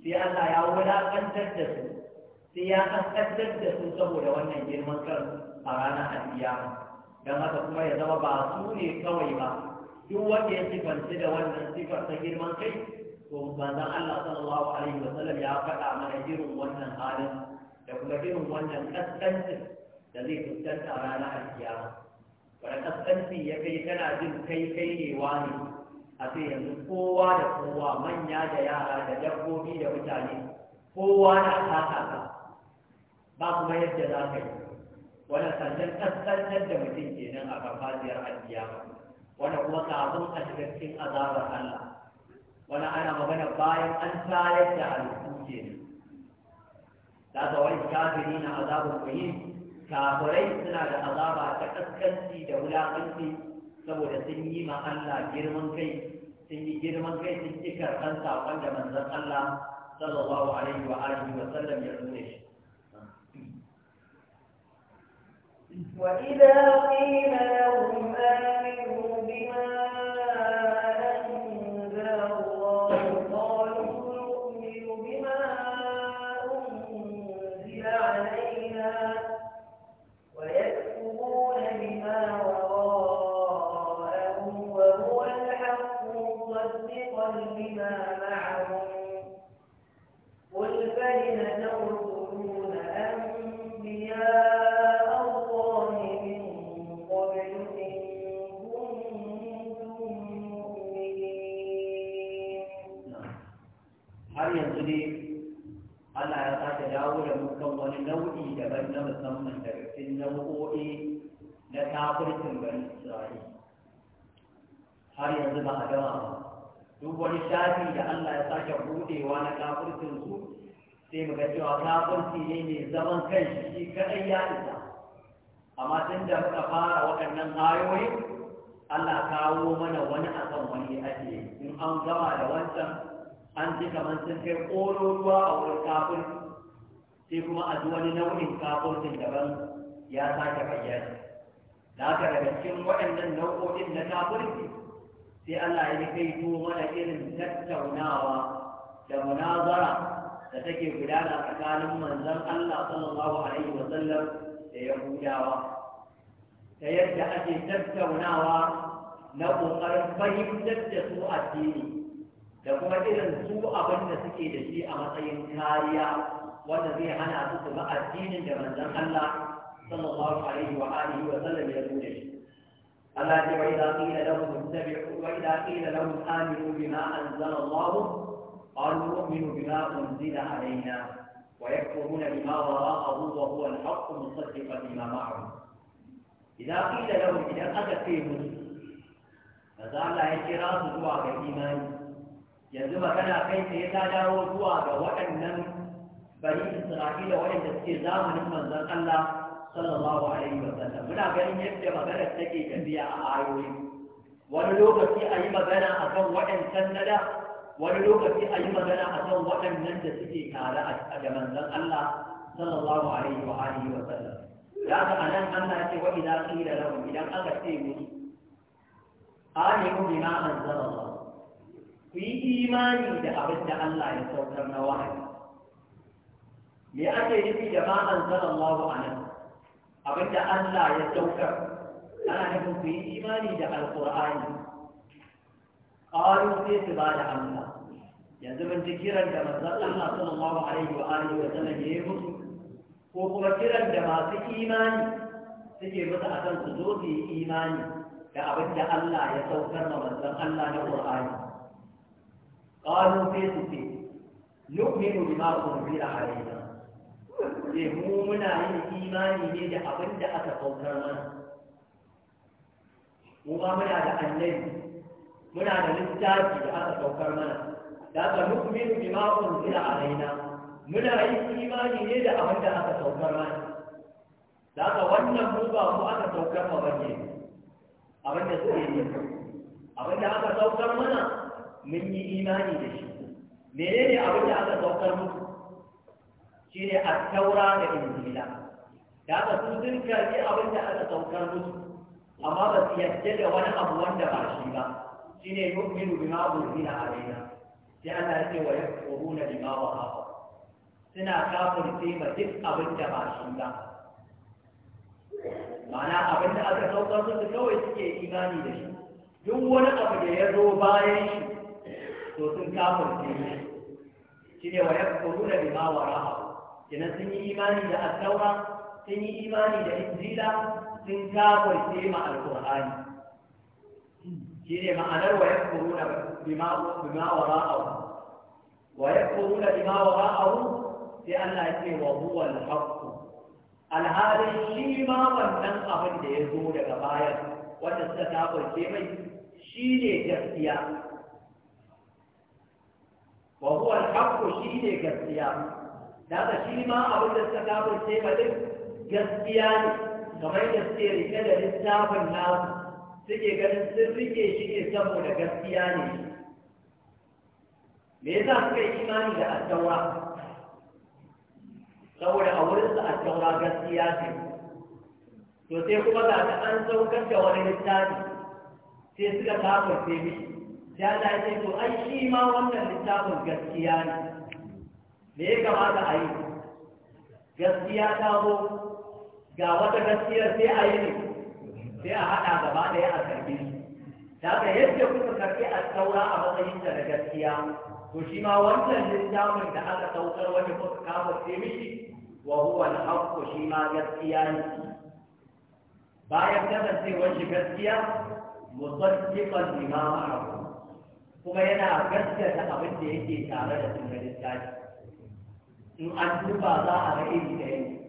sai Allah ya wulakantar da su sai ya kaskantar da su saboda wannan girman kan a ranar alkiyama don haka kuma ya zama ba su ne kawai ba duk wanda ya sifanci da wannan sifar ta girman kai to manzon Allah sallallahu alaihi wa sallam ya faɗa mana irin wannan halin da kuma irin wannan kaskancin da zai fuskanta ranar alkiyama wani kaskanci ya kai kana jin kai kai ne wani a sai yanzu kowa da kowa manya da yara da dabbobi da mutane kowa na kasa ka ba kuma yadda za ka yi wannan sannan kaskantar da mutum kenan a farfajiyar alkiyama wanda kuma kafin a shiga cikin azabar Allah wani ana magana bayan an tayar da halittu ke ne da ga wani kafiri na azabar kuyi kafirai suna da azaba ta kaskanci da wulakanci saboda sun yi ma Allah girman kai sun yi girman kai sun ƙi karɓar saƙon da manzon Allah sallallahu alaihi wa alihi wa sallam ya nuna shi وإذا قيل لهم آمنوا بما أنزل الله قالوا نؤمن بما أنزل علينا ويكفرون بما وراءه وهو الحق مصدقا لما معه ɗaukan wani nau'i daban na musamman daga cikin nau'o'i na kafircin garin Isra'il. Har yanzu ba a gama ba. Duk wani shafi da Allah ya sake budewa na kafircin su sai muga cewa kafirci ne mai zaman kan shi shi kaɗai ya isa. Amma tun da muka fara waɗannan ayoyi Allah kawo mana wani akan wani ake in an gama da wancan an ji kamar sun kai ƙoro ruwa a wurin sai kuma a ji wani nau'in kafurcin daban ya sake bayyana da haka daga cikin waɗannan nau'o'in na kafurci sai Allah ya kai to mana irin tattaunawa da munazara da take gudana tsakanin manzon Allah sallallahu alaihi wa sallam da Yahudawa ta yadda ake tattaunawa na ƙoƙarin fahimtar da su addini da kuma irin su abin da suke da shi a matsayin kariya والذي هنا تطبع الدين كما زمن الله صلى الله عليه وآله وسلم يقول الذي وإذا قيل لهم اتبعوا وإذا قيل لهم آمنوا بما أنزل الله قالوا نؤمن بما أنزل علينا ويكفرون بما وراءه وهو الحق مصدقا لما معه إذا قيل لهم إذا أتت فيهم فزال لا اعتراض دعاء الإيمان يزم كان كيف يتجاوز دعاء وأنهم bani isra'ila waɗanda suke zamanin manzon Allah sallallahu alaihi wa sallam muna ganin yadda magana take tafiya a ayoyi wani lokaci a yi magana a kan waɗancan nada wani lokaci a yi magana a kan waɗannan da suke tare a da manzon Allah sallallahu alaihi wa alihi wa sallam da ka anan Allah ce wa idza qila lahum idan aka ce musu aminu bima anzala Allah ku yi imani da abin da Allah ya saukar na wahayi me ake yi nufi da ma nan? Abin abinda Allah ya saukar ana nufin ku yi imani da alqur'ani qalu sai su ba da amsa yanzu mun ji kiran da manzon Allah sallallahu alaihi wa alihi wa sallam ya yi musu ko kuma kiran da masu imani suke musu akan su zo su yi imani da abinda Allah ya saukar ma manzon Allah na Qur'ani qalu fi su ce nu'minu bima unzila alayna ne eh, mu muna yin imani ne da abin da aka saukar mana mu ba muna da annabi muna da littafi da aka saukar mana da aka nukminu zira a raina muna yin imani ne da abin da aka saukar mana da aka wannan mu ba mu aka saukar ma bane abin da suke yi abin da aka saukar mana mun yi imani da shi menene abin da aka saukar muku shi ne a taura da injila da aka su sun karbi abin da aka saukar musu amma ba su yadda da wani abu wanda ba shi ba shi ne yu'minu bima na alaina sai Allah ya ce wa yakfuruna bima wahaqa suna kafirce ma duk abin da ba shi ba ma'ana abin da aka saukar musu kawai suke imani da shi duk wani abu da ya zo bayan shi to sun kafirce shi ne wa yakfuruna bima wahaqa kenan sun yi imani da attaura sun yi imani da injila sun kafirce ma alqur'ani shine ma'anar wa yakfuruna bima bima wara'ahu wa yakfuruna bima wara'ahu sai Allah ya ce wa huwa al-haqq alhalin shi ma wannan abin da ya zo daga bayan wanda suka ke mai shi ne gaskiya wa huwa al-haqq shi ne gaskiya da ba shi ma abin da suka kafirce ba din gaskiya ne kamar da suke rike da littafin nasu suke ganin sun rike shi ne saboda gaskiya ne me yasa suka yi imani da addawa saboda a wurin su addawa gaskiya ce to sai kuma ga ta an saukar da wani littafi sai suka kafirce mishi sai Allah ya to ai shi ma wannan littafin gaskiya ne me ya kamata a yi gaskiya ta zo ga wata gaskiyar sai a yi ne sai a haɗa gaba ɗaya a karɓi da ga yadda kuka karfi a taura a matsayin da gaskiya to shi ma wancan littafin da aka saukar wani kuka kafa sai mishi wa huwa al-haqqu shi ma gaskiya ne bayan kasancewar shi gaskiya musaddiqan lima ma'ahu kuma yana gaskata abin da yake tare da sunan littafi in an duba za a ga iri ɗaya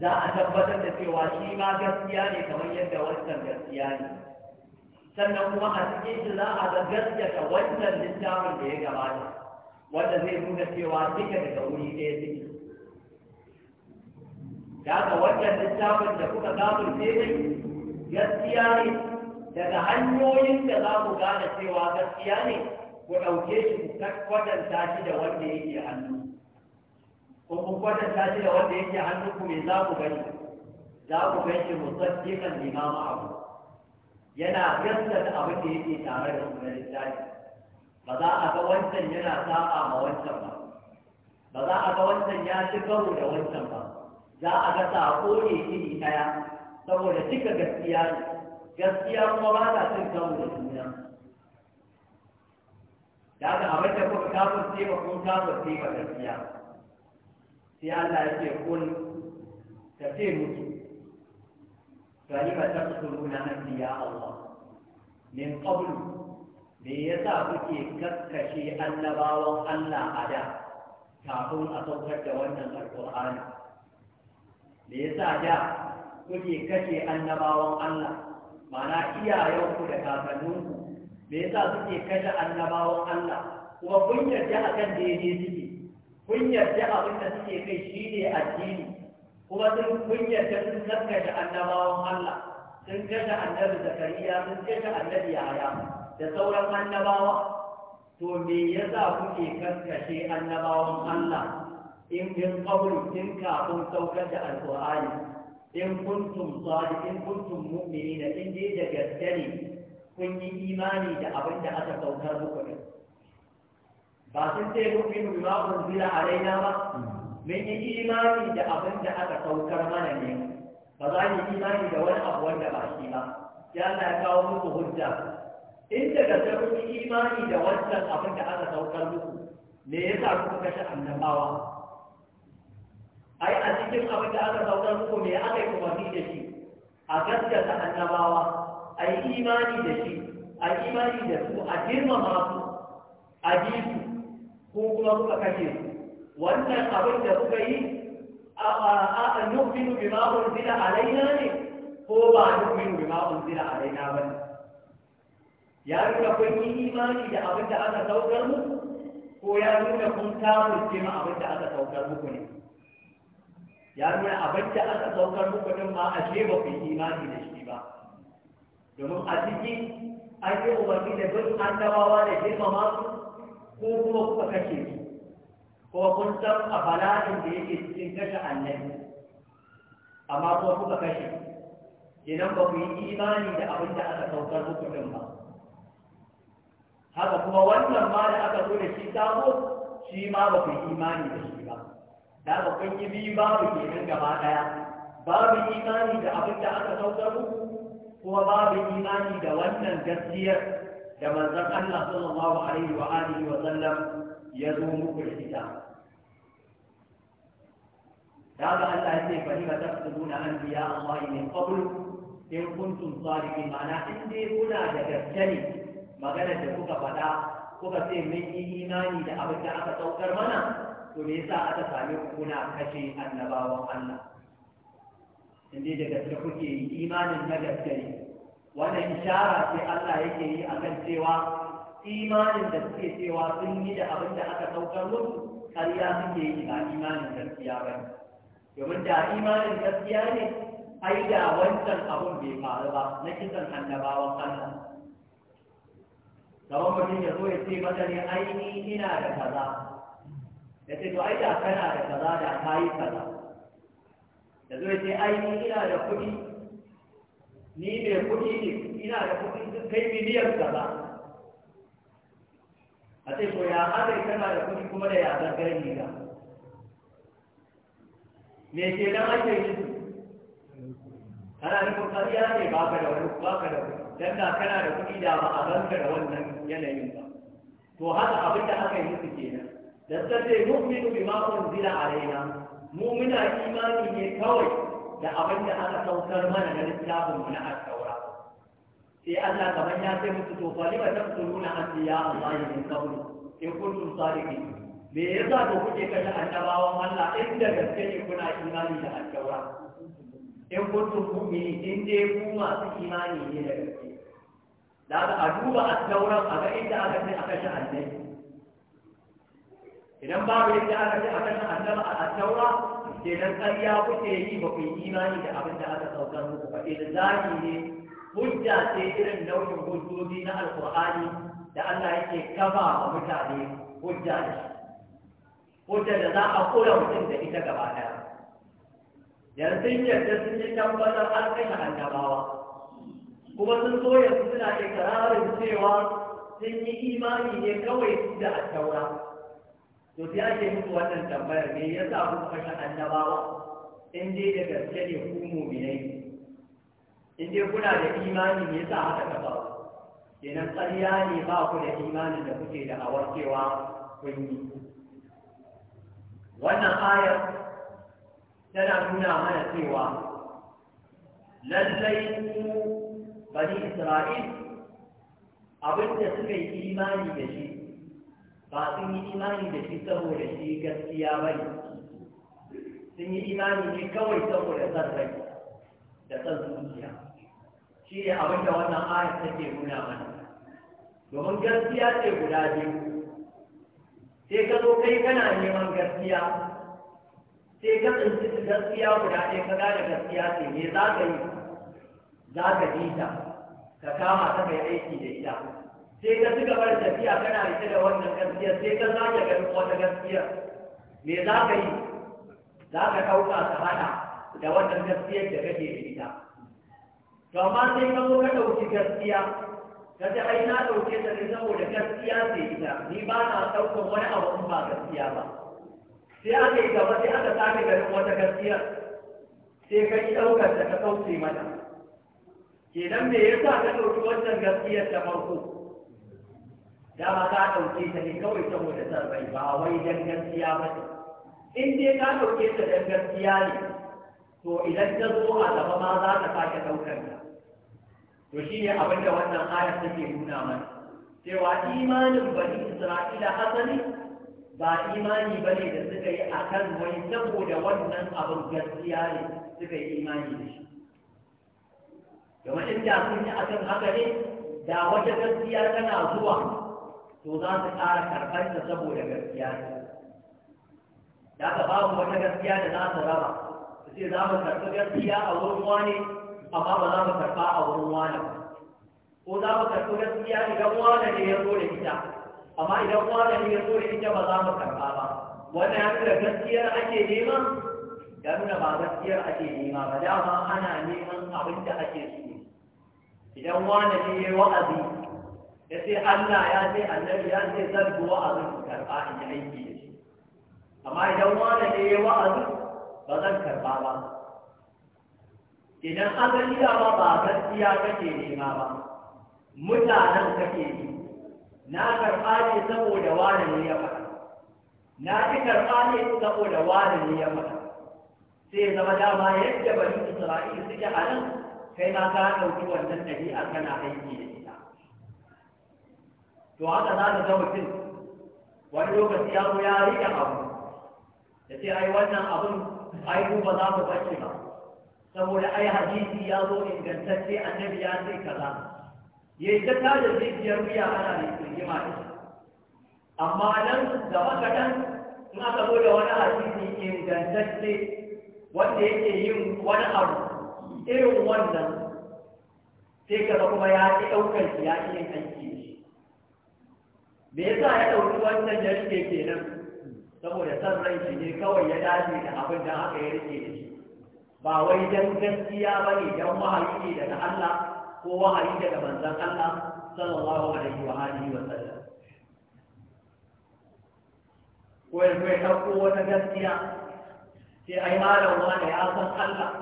za a tabbatar da cewa shi ma gaskiya ne kamar yadda wancan gaskiya ne sannan kuma a cikin shi za a ga gaskata wancan littafin da ya gabata wanda zai nuna cewa duka daga wuri ɗaya suke da haka wancan littafin da kuka sai dai gaskiya ne daga hanyoyin da za ku gane cewa gaskiya ne ku ɗauke shi ku kwatanta shi da wanda yake hannu kuma kun ta shi da wanda yake hannunku me za ku gani za ku gan shi musaddiqan lima abu yana da abin da yake tare da su na littafi ba za a ga wancan yana saba ma wancan ba ba za a ga wancan ya ci karo da wancan ba za a ga sako ne iri ɗaya saboda cika gaskiya ne gaskiya kuma ba ta cin karo da juna da aka abin da kuka kafin ba kun kafin ba gaskiya sai Allah ya ce kun ka ce musu gani ba ta kusuru na hannu ya Allah min qablu me yasa kuke kakkashe annabawan Allah a da kafin a saukar da wannan alƙur'ani me yasa da kuke kashe annabawan Allah mana iyayenku da kakanninku me yasa suke kashe annabawan Allah kuma kun yarda akan yaje suke kun yarda abin da suke kai shine addini kuma sun kun yarda sun gaskata annabawan Allah sun gaskata annabi Zakariya sun gaskata annabi Yahaya da sauran annabawa to me yasa kuke kaskashe annabawan Allah in bin kawai in kafin saukar da alkur'ani in kuntum sadi in kuntum mu'mini da in dai da gaske ne kun yi imani da abin da aka saukar muku ne ba sun ce mu'minu bima unzila alaina ba mun yi imani da abin da aka saukar mana ne ba za yi imani da wani abu wanda ba shi ba ya Allah ya kawo muku hujja in da daga sun yi imani da wannan abin da aka saukar muku me yasa kuka kashe annabawa ai a cikin abin da aka saukar muku me aka yi kuma da shi a gaskata annabawa a yi imani da shi a imani da su a girmama su a ji su ko kuma kuka kashe wannan abin da kuka yi a nufinu bi zina unzila alaina ne ko ba nufinu bi zina unzila alaina ba ne ya nuna kun yi imani da abin da aka saukar mu, ko ya nuna kun kafirce ma abin da aka saukar muku ne ya nuna abin da aka saukar muku din ma a ce ba ku yi imani da shi ba domin a ciki an yi umarni da bin annabawa da girmama su ko kuma kuka kashe shi ko kun san a bala'in da yake cikin kashe annabi amma ko kuka kashe idan ba ku yi imani da abin da aka saukar hukumin ba haka kuma wannan ma da aka zo da shi sabo shi ma ba ku yi imani da shi ba da ba kun yi biyu babu kenan gaba daya babu imani da abin da aka saukar ku? kuma babu imani da wannan gaskiyar da manzon Allah sallallahu alaihi wa alihi wa sallam ya zo muku da ita da ga Allah ya ce bari ba ta tsuna an anbiya Allah ne qabl in kuntum salihin ma'ana in dai kuna da gaske ne magana da kuka faɗa kuka ce mun yi imani da abin da aka saukar mana to me yasa aka same ku kuna kashe annabawan Allah in dai da gaske kuke imanin na gaske wannan ishara ce Allah yake yi a kan cewa imanin da suke cewa sun yi da abin da aka saukar musu ƙarya suke yi ba imanin gaskiya ba ne domin da imanin gaskiya ne ai da wancan abun bai faru ba na kisan annabawan Allah Sabon mutum ya zo ya ce mata ne ai ni ina da kaza ya ce to ai da kana da kaza da kayi kaza da zo ya ce ai ni ina da kuɗi ni mai kuɗi ne ina da kuɗi sun kai miliyan gaba. a ce to ya hada tana da kuɗi kuma da ya zangar riga me ke dan ake yi ana nufin ƙarya ne ba ka da wani ba ka da wani dan da kana da kuɗi da ba a zanka da wannan yanayin ba to haka abin da aka yi su kenan da sai mu'minu bima unzila alaina mu'mina imani ne kawai da abin da aka saukar mana da littafin mu na al-taura sai Allah kamar ya sai musu to fali ba tafsuruna anbiya Allah min qabl in kuntum sadiqin me yasa to kuke kashe annabawan Allah inda gaske ne kuna imani da al-taura in tun mu'mini in dai ku masu imani ne da gaske da a duba al-taura a ga inda aka sai aka shi annabi idan babu yadda aka ce a kashe annaba a al-taura kenan ƙarya kuke yi ba ku yi imani da abin da aka saukar muku ba ilzami ne hujja ce irin nau'in hujjoji na alƙur'ani da Allah yake kafa wa mutane hujja ne. shi hujja da za a kula mutum da ita gaba ɗaya yanzu yadda sun yi tabbatar an kashe annabawa kuma sun so yanzu suna ikirarin cewa sun yi imani ne kawai da attaura to sai ake musu wannan tambayar ya yasa kuka kashe annabawa in dai da gaske ne ku mu'minai in dai kuna da imani me yasa haka ka ba kenan tsariya ne ba ku da imanin da kuke da awarkewa kun yi wannan ayar tana nuna mana cewa lallai ku bani isra'il abinda suka yi imani da shi ba sun yi imani da shi saboda shi gaskiya ba ne sun yi imani ne kawai saboda san rai da san zuciya shi ne abin da wannan ayat take nuna mana domin gaskiya ce guda biyu sai ka zo kai kana neman gaskiya sai ka tsinci gaskiya guda ɗaya ka gane gaskiya ce me za ka yi za ka ji ta ka kama ta mai aiki da ita sai ka ci gaba da tafiya kana rike da wannan gaskiya sai ka zage garin wata gaskiya me za ka yi za ka ɗauka ta hada da wannan gaskiyar da kake da ita to amma sai ka zo ka ɗauki gaskiya ka ce ai na ɗauke ta ne saboda gaskiya ce ita ni ba na ɗaukar wani abu in ba gaskiya ba sai aka yi gaba sai aka sake garin wata gaskiya sai ka yi ɗaukar da ka ɗauke mata kenan me yasa ka ɗauki wannan gaskiyar ta farko dama ka ɗauke ta ne kawai saboda son rai ba wai dan gaskiya ba ce in dai ka ɗauke ta dan gaskiya ne to idan ta zo a gaba ma za ta sake ɗaukar ta to shi ne abin da wannan aya take nuna mana cewa imanin bani isra'ila asali ba imani ba ne da suka yi a kan wani saboda wannan abin gaskiya ne suka yi imani da shi domin inda sun yi a kan haka ne da wata gaskiya tana zuwa to za su ƙara karɓar saboda gaskiya ne Ya ka babu wata gaskiya da za su raba su ce za mu karɓi gaskiya a wurin wani amma ba za mu karɓa a wurin wani ba ko za mu karɓi gaskiya idan wani ne ya zo da ita amma idan wani ne ya zo da ita ba za mu karɓa ba wannan ya nuna gaskiyar ake nema ya nuna ba gaskiyar ake nema ba dama ana neman abin da ake so idan wani ne ya wa'azi ya ce Allah ya ce annabi ya ce zan bi a zan karɓa in yi aiki da shi amma idan wani ne ya wa'azin ba zan karɓa ba idan an ga iya ba ba iya kake nema ba mutanen kake yi na karɓa ne saboda wani ne ya faɗa na ci karɓa ne saboda wani ne ya faɗa sai zama dama yadda bari Isra'ila suke a nan kai ma ka ɗauki wannan ɗabi'a kana aiki da to haka za ka ga mutum wani lokaci ya zo ya rike abu ya ce ai wannan abin ai ba za mu bace ba saboda ai hadisi ya zo ingantacce annabi ya ce kaza ya yi ta tada jijiyar wuya ana ne rigima da shi amma nan gaba kaɗan in aka zo da wani hadisi ingantacce wanda yake yin wani abu irin wannan sai ka kuma ya ƙi ɗaukar shi ya ƙi yin aiki me yasa ya ɗauki wannan ya rike kenan saboda san ran shi ne kawai ya dace da abin da haka ya rike da shi ba wai dan gaskiya ba ne dan wahayi ne daga Allah ko wahayi daga manzon Allah sallallahu alaihi wa alihi wa sallam ko ya kai ɗauko wata gaskiya sai ai malam wani ya san Allah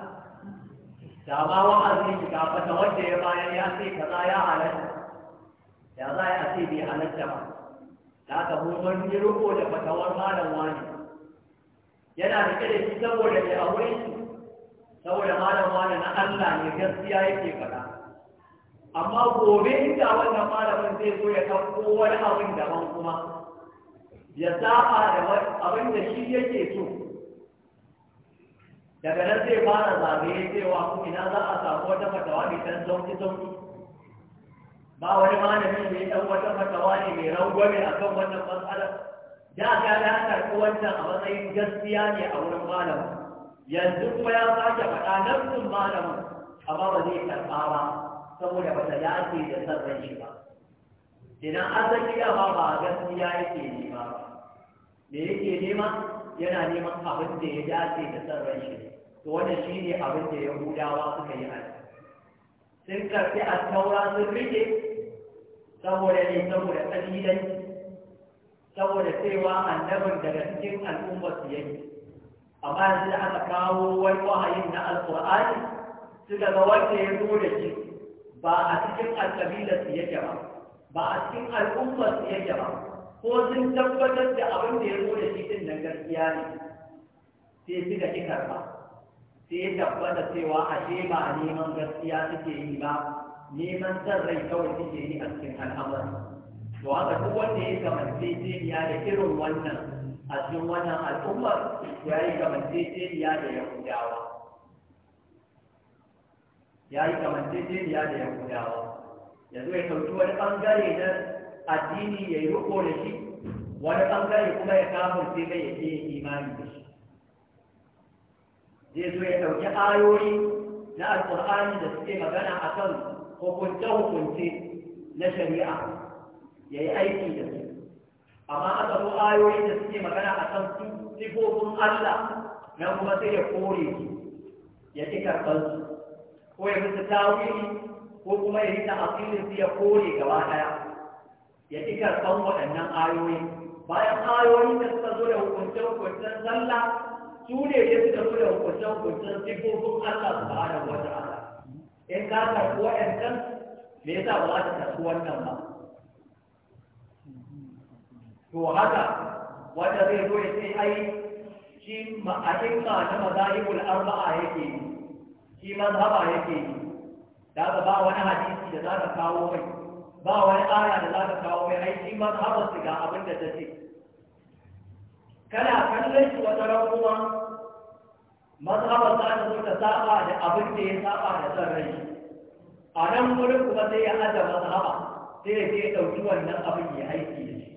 da ma wa'azi shi gafata wanda ya bayar ya sai kaza ya halatta da za a ce bai halatta ba da aka mun mun yi da fatawar malam wani yana da da shi saboda ya aure shi saboda malam wani na Allah ne gaskiya yake faɗa amma gobe inda wannan malamin zai zo ya ɗauko wani abin daban kuma ya zaɓa da abin da shi yake so daga nan zai fara zagaye cewa ina za a samu wata fatawa mai ɗan sauki ba wani malami ne rangwame a kan wannan matsalar da ka da wannan ko wancan a matsayin gaskiya ne a wurin malam yanzu kuma ya sake faɗa nafsin malamin amma ba zai karɓa ba saboda ba ta dace da san shi ba idan asali dama ba gaskiya yake nema me yake nema yana neman abin da ya dace da san ran shi to wannan shine abin da yahudawa suka yi a sun karfi a taura sun rike saboda ne saboda tsakidanci saboda cewa annabin daga cikin al'umma su yake amma yanzu da aka kawo wani wahayin na alƙur'ani su daga wanda ya zo da shi ba a cikin alƙabilar su yake ba ba a cikin al'ummar su yake ba ko sun tabbatar da abin da ya zo da shi din nan gaskiya ne sai su ga ƙi ba. sai ya tabbata cewa ashe ba neman gaskiya suke yi ba neman zan rai kawai suke yi a cikin al'amari to haka duk wanda ya kamanceceniya da irin wannan a cikin wannan al'ummar ya yi kamanceceniya da yahudawa ya yi kamanceceniya da yahudawa yanzu ya sauki wani ɓangare na addini ya yi riko da shi wani ɓangare kuma ya kama sai kai ya ke imani da shi zai zo ya ɗauki ayoyi na alƙur'ani da suke magana a kan hukunce-hukunce na shari'a ya yi aiki da su amma aka zo ayoyin da suke magana a kan sifofin Allah na kuma sai ya kore su ya ci karɓar su ko ya musu tawili ko kuma ya yi ta asilin su ya kore gaba ɗaya ya ci karɓar waɗannan ayoyi bayan ayoyin da suka zo da hukunce-hukuncen sallah su ne ya suka zo da hukunce-hukuncen sifofin Allah su ba da wata in ka karɓi kan me ya sa ba za ka karɓi wannan ba to haka wanda zai zo ya ce ai shi ma'aikata na mazahibul arba'a yake yi shi mazhaba yake yi da ba wani hadisi da za ka kawo mai ba wani aya da za ka kawo mai aiki su ga abin da ta ce kana kallon shi wata ran mazhabar ta ta suka saba da abin da ya saba da son rai a nan wurin kuma sai ya aza mazhaba sai ya je ɗauki wannan abin ya aiki da shi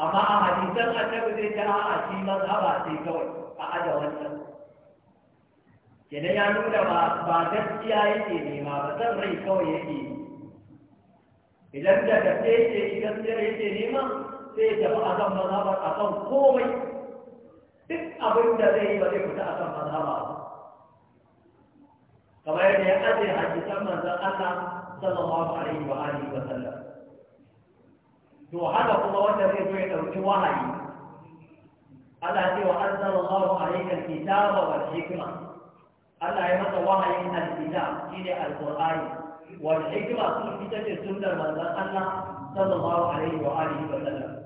amma a hadisan annabi zai ta a'a shi mazhaba sai kawai a aza wannan kenan ya nuna ba ba gaskiya yake nema ba son rai kawai yake idan da gaske yake gaskiya yake nema sai ya tafi a kan mazhabar a kan komai duk abin da zai yi ba zai fita a kan mazhaba ba kamar yadda ya aje hadisan manzon Allah sallallahu alaihi wa alihi wa sallam to haka kuma wanda zai zo ya dauki wahayi Allah ce wa anzalallahu alayka alkitaba wal hikma Allah ya masa wahayin alkitab shine alqur'ani wal hikma sun fita ce sunnar manzon Allah sallallahu alaihi wa alihi wa sallam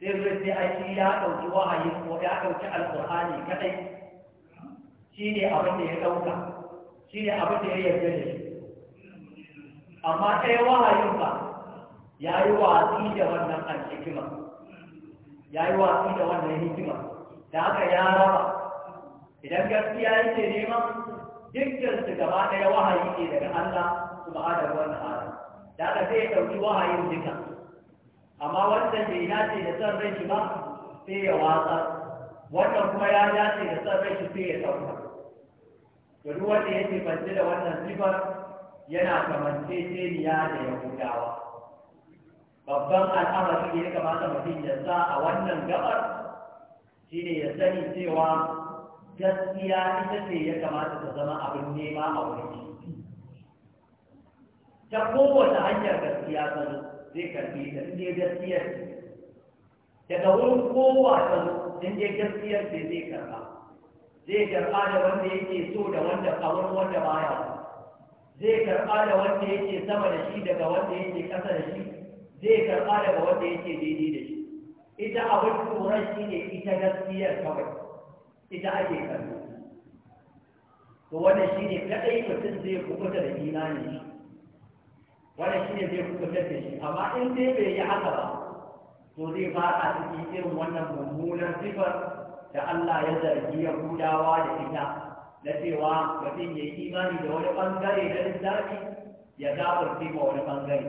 sai zai sai aiki ya ɗauki wahayi ko ya ɗauki alƙur'ani kaɗai shi ne abin da ya ɗauka shi ne abin da ya yarda da shi amma ɗaya wahayin ba ya yi watsi da wannan alhikima ya yi watsi da wannan hikima da haka ya raba idan gaskiya yake nema dukkan su gaba ɗaya wahayi ne daga Allah subhanahu wa ta'ala da haka sai ya ɗauki wahayin duka amma wancan bai dace da son rai ba sai ya watsa wannan kuma ya dace da son rai shi sai ya sauka. to duk wanda ya kebanci da wannan sifar yana ya da gudawa. babban al'amari da ya kamata mutum ya sa a wannan gabar shine ya sani cewa gaskiya ita ce ya kamata ta zama abin nema a wurin shi ta kowace hanyar gaskiya ta zuwa zai karbi gaskiyar ce daga wurin kowa ta in je gaskiyar ce zai karba zai karba da wanda yake so da wanda kawar wanda baya zai karba da wanda yake sama da shi daga wanda yake kasa da shi zai karba daga wanda yake daidai da shi ita abin tsoron shi ne ita gaskiyar kawai ita ake karbi to wanda shi ne kadai mutum zai kubuta da imanin shi wannan shi ne zai kubutar da shi amma in dai bai yi haka ba to zai fada cikin irin wannan mummunan sifar da Allah ya zargi ya hudawa da ita na cewa mutum ya yi imani da wani bangare na lissafi ya gafarce ma wani bangare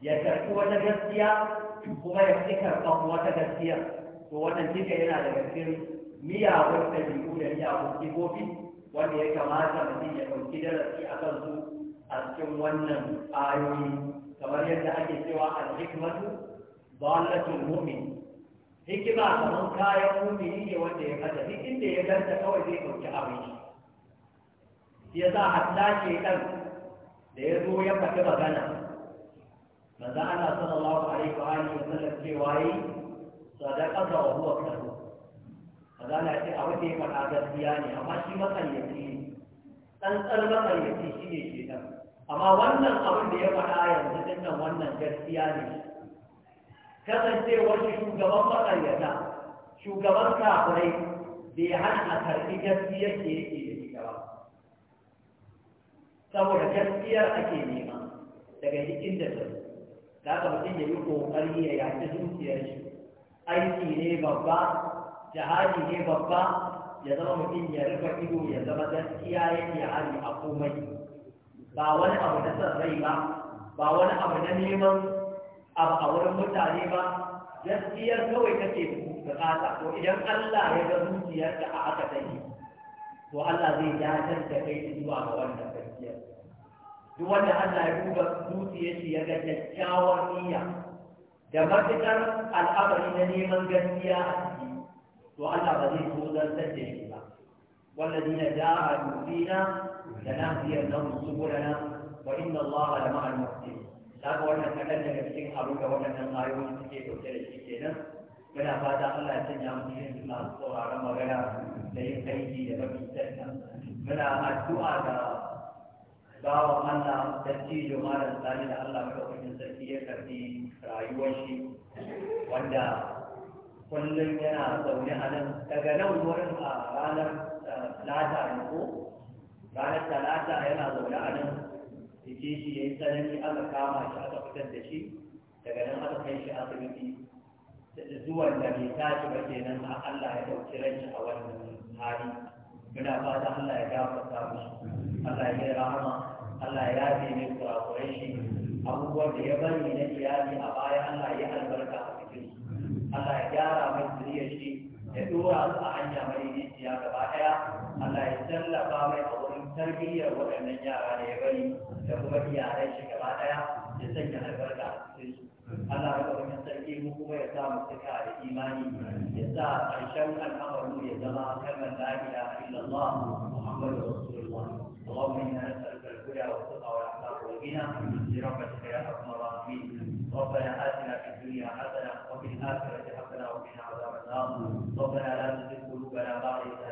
ya karɓi wata gaskiya kuma ya fi karɓan wata gaskiya to wannan duka yana daga cikin miyagun ɗabi'u da miyagun sifofi wanda ya kamata mutum ya ɗauki darasi a kansu a cikin wannan ayoyi kamar yadda ake cewa al-hikmatu dalatul mu'min hikima kamar kayan mumin ne wanda ya kada duk inda ya ganta kawai zai dauki abin shi ya sa hatta ke dan da ya zo ya faɗi magana manzo Allah sallallahu alaihi wa alihi wasallam cewa wai sadaqa wa huwa kadu manzo ce a wanda ya faɗa gaskiya ne amma shi matsayyaci ne dan shi ne ke ɗan. amma wannan abin da ya faɗa yanzu dinnan wannan gaskiya ne kasancewar shugaban maƙaryata shugaban kafirai bai hana a karɓi gaskiyar da yake da ita ba saboda gaskiyar ake nema daga jikin da ta da aka mutum ya yi ƙoƙari ya yaƙi zuciyar shi aiki ne babba jihadi ne babba ya zama mutum ya rufe ido ya zama gaskiya yake hali a komai ba wani abu na son rai ba ba wani abu na neman abu a wurin mutane ba gaskiyar kawai kake bukata Ko idan Allah ya ga zuciyarka a aka take to Allah zai dakatar da kai zuwa ga wannan gaskiyar duk wanda Allah ya duba zuciyar shi ya ga kyakkyawar niyya da matukar al'amari na neman gaskiya a ciki to Allah ba zai zo zartar da shi ba Wannan والذين جاهدوا فينا لنهدي لهم سبلنا وإن الله لمع المحسنين kaga wannan kaɗan daga cikin abin da waɗannan ayoyi suke ɗauke da shi kenan muna fata Allah ya canja mu cikin masu sauraron magana da yin aiki da mafi sannan muna addu'a ga bawan Allah dattijo malam sani da Allah madaukakin sarki ya karbi rayuwar shi wanda kullum yana zaune a nan daga nan wurin a ranar lata ko ranar talata yana zaune a nan jikin shi ya yi tsanani aka kama shi aka fitar da shi daga nan aka kai shi asibiti zuwan da bai tashi ba kenan a Allah ya ɗauki ranci a wannan hali muna fata Allah ya gafarta musu Allah ya rahama Allah ya yafe ne kurakurai shi abubuwan da ya bari na iyali a baya Allah ya albarka a cikin Allah ya gyara mai zuriyar shi ya dora su a hanya mai rijiya gaba ɗaya Allah ya tallafa mai a tarbiyyar waɗannan yara da ya bari da kuma iyayen shi gaba ɗaya ya sanya albarka a cikin su Allah ya ɗauki sarki mu kuma ya sa mu cika da imani ya sa ƙarshen al'amarin ya zama kalmar la ilaha illallah muhammadu rasulullah اللهم انا نسالك الهدى والتقى والاخلاق والغنى برحمتك يا ارحم الراحمين ربنا اتنا في الدنيا حسنه وفي الاخره حسنه وقنا عذاب النار ربنا لا تزغ قلوبنا بعد